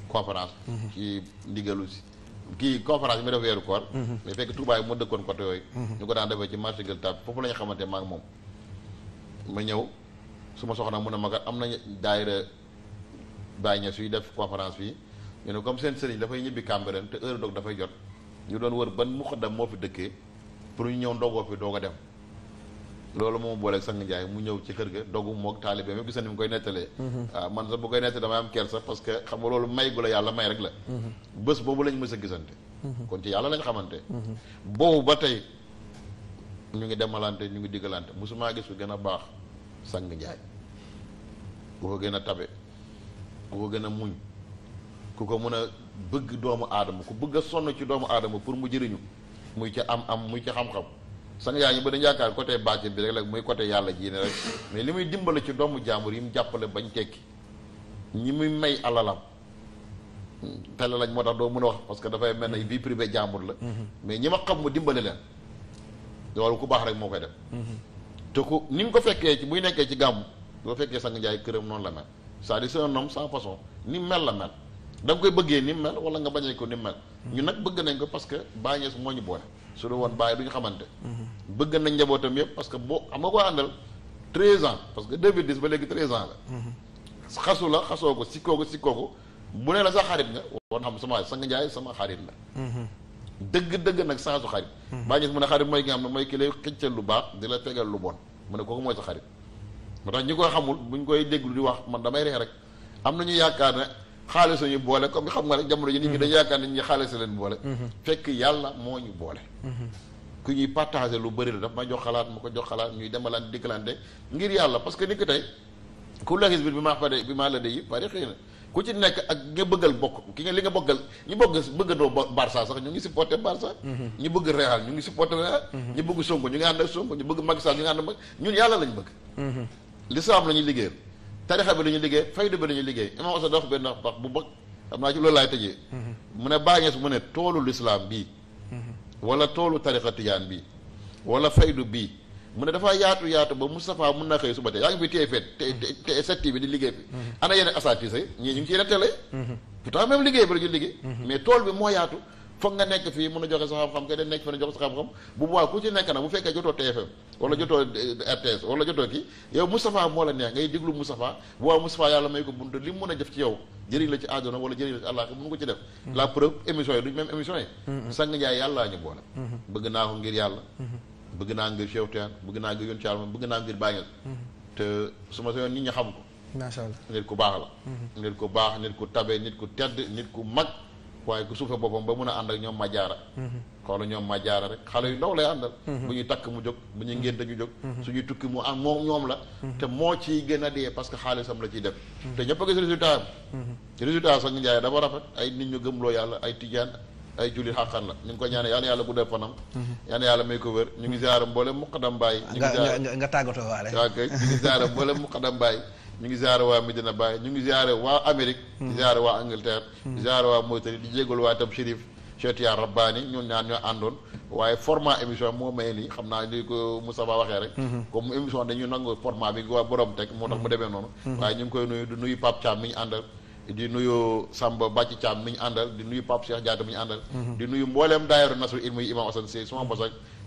conférence ci ndigalu si kii conférence bi def weeru koor mais fekk Touba yi moo dëkkoon côté yooyu ñu ko daan defee ci marché gël tab foofu la ñu xamante maa ngi ma ñëw su soxna mun a magat amna na daayira bàyyi ña suy def conférence fii ñu ne comme seen sëriñ dafay ñibbi te heure doog dafay jot ñu doon wër ban muxaddam moo fi dëkkee pour ñu ñëw fi doog dem loolu moom booleeg sang Ndiaye mu ñëw ci kër ga dogu moog taalibe ma gis mu koy nettalee waaw mm-hmm. ah, man sax bu koy nettalee damay am ker sax parce que xam nga loolu may gu la yàlla may rek la mm-hmm. bés boobu lañ mës a gisante mm-hmm. kon ci yàlla lañ xamante boobu ba tey ñu ngi demalante ñu ngi diggalante mosumaa gis ku gën a baax sang Ndiaye ku ko gën a tabe ku ko gën a muñ ku ko mën a bëgg doomu aadama ku bëgg sonn ci doomu aadama pour mu jëriñu muy ci am am muy ci xam Sénégal ñu bëri dañu yaakaar côté baatin bi rek la muy côté yàlla ji ne rek mais li muy dimbale ci doomu jàmbur yi mu jàppale bañ tekki ñi muy may alalam tele lañ moo tax doo mën a wax parce que dafay mel ne vie privée jàmbur la mais ñi ma xam mu dimbale leen loolu ku baax rek moo koy def te ku ni nga ko fekkee ci buy nekkee ci gàmm boo fekkee sang njaay këram noonu la mel c'est-à-dire c'est un homme sans façon ni mel la mel da koy bëggee ni mel wala nga bañee ko ni mel ñu nag bëgg nañ ko parce que bàñees moo ñu boole su dul woon bàyyi du ñu xamante. bëgg nañ njabootam yëpp parce que boo am nga koy àndal treize ans parce que deux mille dix ba léegi treize ans la. xasu la xasoo ko sikkoo ko sikkoo ko bu ne la sa xarit nga war xam sama sang njaay sama xarit la. dëgg-dëgg nag saa su xarit. bàyyi gis mu ne xarit mooy ki xam ne mooy ki lay xëccal lu baax di la tegal lu bon mu ne kooku mooy sa xarit. moo tax ñi koy xamul buñ koy déglu di wax man damay reex rek am nañu yaakaar ne. xaalis ñu boole comme xam nga rek jamono ji nit ñi mhm. dañu yaakaar ne ñu xaalis leen boole mhm. fekk yàlla moo ñu boole mhm. ku ñuy partagé lu bari la daf ma jox xalaat ma ko jox xalaat ñuy demalaan dikkalante ngir yàlla parce que ni ko tey ku la gis bi bi maa de yi pare xëy ku ci nekk ak nga bëggal bokk ki nga li nga bokgal ñu bëgg bëggandoo Barça sax ñu ngi supporté Barça ñu bëgg Real ñu ngi supporté Real ñu bëgg Sonko ñu ngi ànd ak Sonko ñu bëgg Macky Sall ñu ngi tarixa bi la ñu liggéey faydu bi la ñuy liggéey imam osa da wax benn wax bu bëgg xam naa ci loolu laay tëjee mhm. mu ne bàñees mu ne toolu lislaam bii mhm. wala toolu tarixa tijaan bii wala faydu bii mu ne dafa yaatu yaatu ba Moustapha mun na xëy suba te yaa ngi fi téye fet te setti bi di liggéey bi mhm. ana yeneen asaatise ñii ñu ngi ciy rettale pourtant même liggéey bi la ñuy liggéey mais tool bi moo yaatu foog nga nekk fii mën a joxe sa xam-xam kay dañ nekk fii joxe sa xam-xam bu boobaa ku ci nekk nag bu fekkee jotoo TFM wala jotoo eh, RTS wala jotoo kii yow Moustapha moo la neex ngay déglu Moustapha bu boobaa Moustapha yàlla may ko buntu li mu a def ci yow jëriñ la ci àdduna wala jëriñ la ci àllaaxira mën ko ci def la preuve émission yi duñ même émission yi mm-hmm. sang Njaay yàllaa ñu mm-hmm. bëgg naa ko ngir yàlla mm-hmm. bëgg naa ngir Cheikh bëgg naa ngir yoon ci àlma waaye ku suufe boppam ba mun a ànd ak ñoom majaara xoola ñoom majaara rek xale yu ndaw lay àndal mhm. bu ñuy takk mu jóg bu ñuy ngénte ñu jóg mhm. suñuy tukki mu am moom ñoom la mhm. te moo ciy gën a dee parce que xaalisam la ciy def te ñëpp a gis résultat am résultat sax njaay dafa rafet ay nit ñu gëmloo yàlla ay tijaan ay jullit xàqan la ñu ngi ko ñaane yàlla yàlla guddal fanam yàlla may ko wér ñu ngi ziaram boole muqadam bàyyi ñu ngi ziaram nga tàggatoo waale waaw ñu ngi ziare waa Medina Baye ñu ngi ziare waa Amérique. di hmm. ziare waa Angleterre. di hmm. ziare waa Mauritanie di jégalu waa itam Chérif Cheikh Yaa Rabbaani waaye format émission moo ko Moussa Ba waxee rek. Hmm. comme dañuy nangu format bi waa borom teg moo tax mu demee noonu. waaye ñu ngi koy nuyu di nuyu Samba Bàcc Thiam àndal di nuyu Pape Cheikh Diatta mi ñu àndal. di nuyu mbooleem daayaru Nasru Ilmi imam Assane Seye suma bos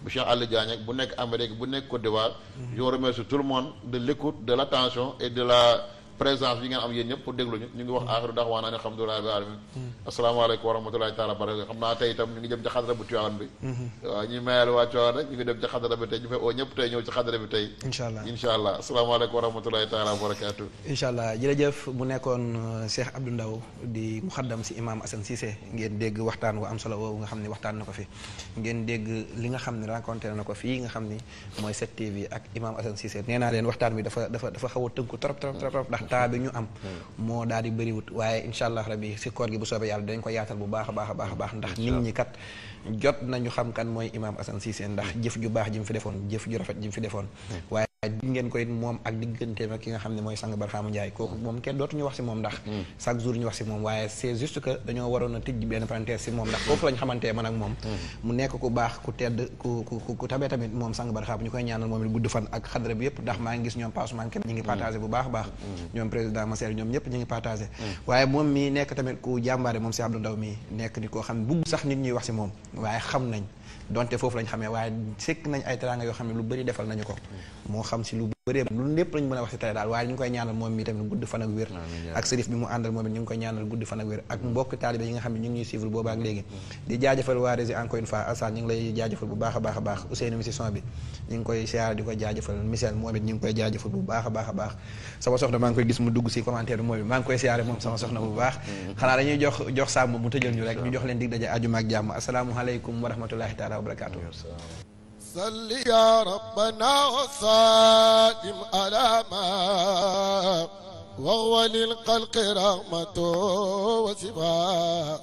bu Cheikh Alla Diagne bu nekk Amérique bu nekk Côte d'Ivoire mm-hmm. je remercie tout le monde de l'écoute de l'attention et de la présence bi ngeen am yéen ñëpp pour déglu ñu ñu ngi wax aaxiru daxwaana ani alhamdulilah rabbil alamin mm-hmm. asalaamaaleykum wa rahmatulahi taala baraka xam naa tey itam ñu ngi jëm ci xadara bu Tiwaawan bi mm-hmm. waaw ñu mayal waa Tiwaawan ñu ngi dem ci xadara bi tey oo ñëpp tey ñëw ci xadara bi tey incha allah incha allah asalaamaaleykum wa rahmatulahi taala wa barakaatu incha allah mu nekkoon euh, Cheikh Abdou Ndaw di muxaddam si imaam Assane Cissé ngeen dégg a temps bi ñu am moo daal di bëriwut waaye incha allah rabi si koor gi bu soobee yàlla dañ ko yaatal bu baax a baax a baax a baax ndax nit ñi kat jot nañu xam kan mooy imaam Assane Cissé ndax jëf ju baax ji fi defoon jëf ju rafet ji mu fi defoon hmm. waaye waaye di ngeen ko it moom ak digganteem ak ki nga xam ne mooy sang Barxaamu Njaay kooku moom kenn dootuñu wax si moom ndax hmm. chaque jour ñu wax si moom waaye c'est juste a tijj benn parenthèse lañ xamantee man ak moom hmm. mu nekk ku baax ku tedd ku ku ku tabee tamit moom sang Barxaam ñu koy ñaanal moom it gudd fan ak xadra bi yëpp ndax maa ngi gis ñoom Passeman kenn ñu ngi hmm. partagé bu baax baax ñoom président Massel ñoom ñëpp ñu ngi partagé waaye moom mii nekk tamit ku jàmbaare moom si moom waaye xam nañ donte foofu lañ xamee waaye sekk nañ ay teraanga yoo xam ne lu bëri defal nañu ko moo xam si lu bëree lu lépp lañ mën a wax ci télé daal waaye ñu ngi koy ñaanal moom mi tamit gudd fan ak wér ak sërif bi mu àndal moom ñu ngi koy ñaanal gudd fan ak wér ak mbokk taalibe ñu ngi a baax a baax Ousseynou koy siyaare di koy jaajëfal bu moom it maa ngi koy siyaare moom sama soxna bu baax mm-hmm. xanaa dañuy jox jox mu tëjal ñu rek ñu jox leen dig daje ajuma ak jàmm asalaamaaleykum wa rahmatullahi taala wa barakatuh صل يا ربنا وصادم على ما وهو للخلق رغمة وسباء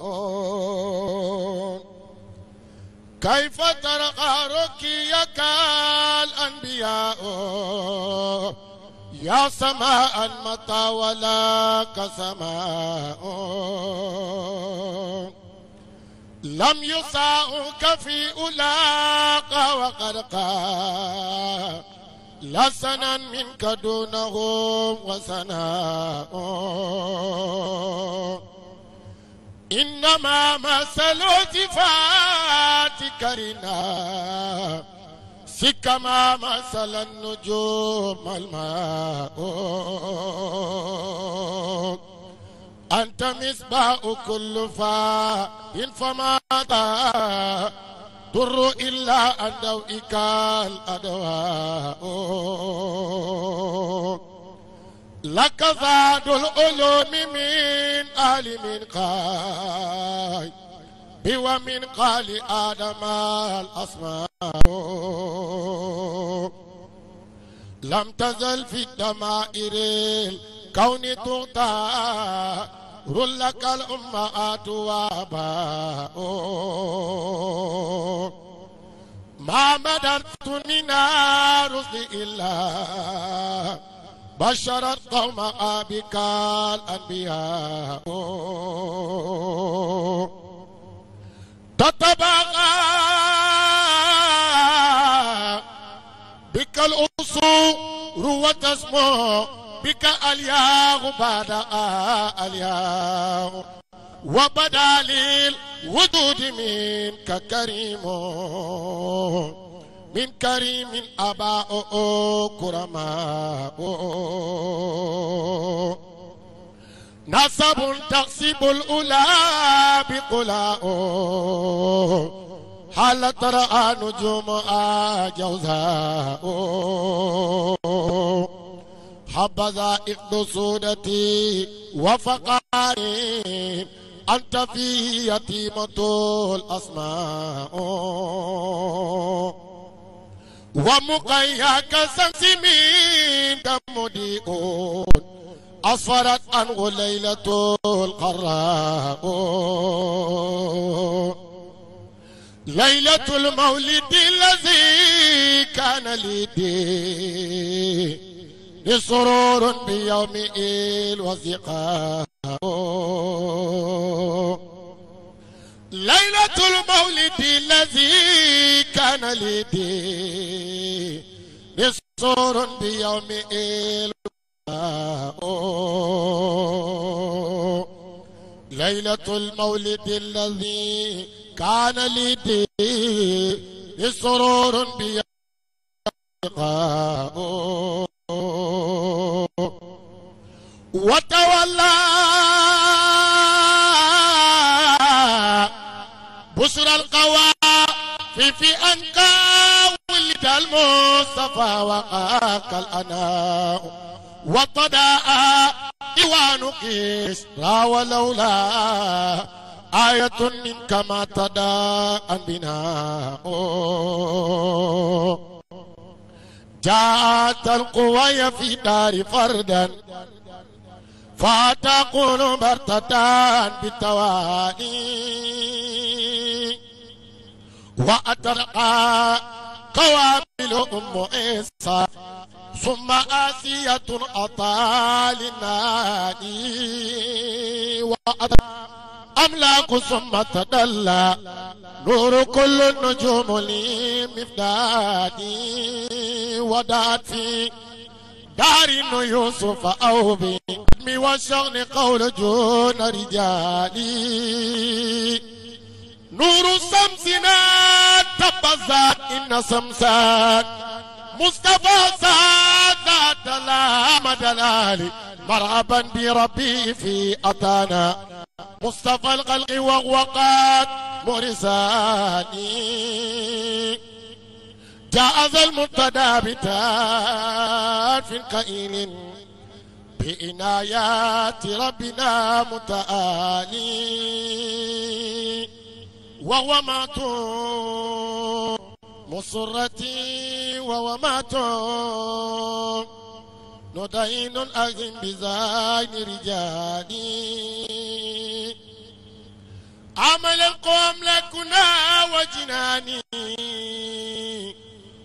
كيف ترقى ركيك الأنبياء يا سماء متى ولا كسماء لم يساءك في أولاق وقد لسنا منك دونهم وسناء إنما مثل صفاتك رنا سكما مثل النجوم الماء أنت مصباح كل فا إن فما ضر إلا أن دوئك الأدواء لك زاد العلوم من آل من قاي من قال آدم الأسماء لم تزل في الدمائر كوني تعطى رلك الأمهات وآباء ما مددت من رزق إلا بشر القوم بك الأنبياء تتبغى بك الأصول وتسمو ربك الياغ بعد الياغ وبدا للودود منك كريم من كريم أباء كرماء نصب تقصب الأولى بقلاء هل ترى نجوم جوزاء حبذا إقد سودتي وفقاري أنت في يتيمة الأسماء ومقياك سمسمين كمديئون أصفرت عنه ليلة القراء ليلة المولد الذي كان لديه لسرور بيوم إيل وزقاء ليلة المولد الذي كان لدي لسرور بيوم إيل ليلة المولد الذي كان لدي لسرور بيوم إيل وتولى بسر القوى في في أنكى ولد المصطفى وقاك الأناء وطدا ديوان كسرى ولولا آية منك ما تدا أن بنا جاءت القوي في دار فردا فتقول برتتان بالتواني وأترقى قوابل أم إيسا ثم آسية أطال النادي وأترقى أملاك ثم تدلى نور كل النجوم لي مفدادي وداتي في دار يوسف أو بحكم والشغل قول جون رجالي نور سمسنا تبزت إن سمسات مصطفى سادات لا مدلالي مرحبا بربي في أطانا مصطفى القلق قد مرساني جاء ذا المبتدا بتات في بإنايات ربنا متآلي وهو مات مسرتي وهو مات نطعين أكرم بزاين رجالي عمل القوم لكنا وجناني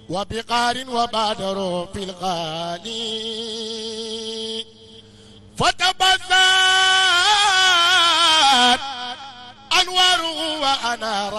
وبقار وبادر في الغالي فتبثت أنواره وأنار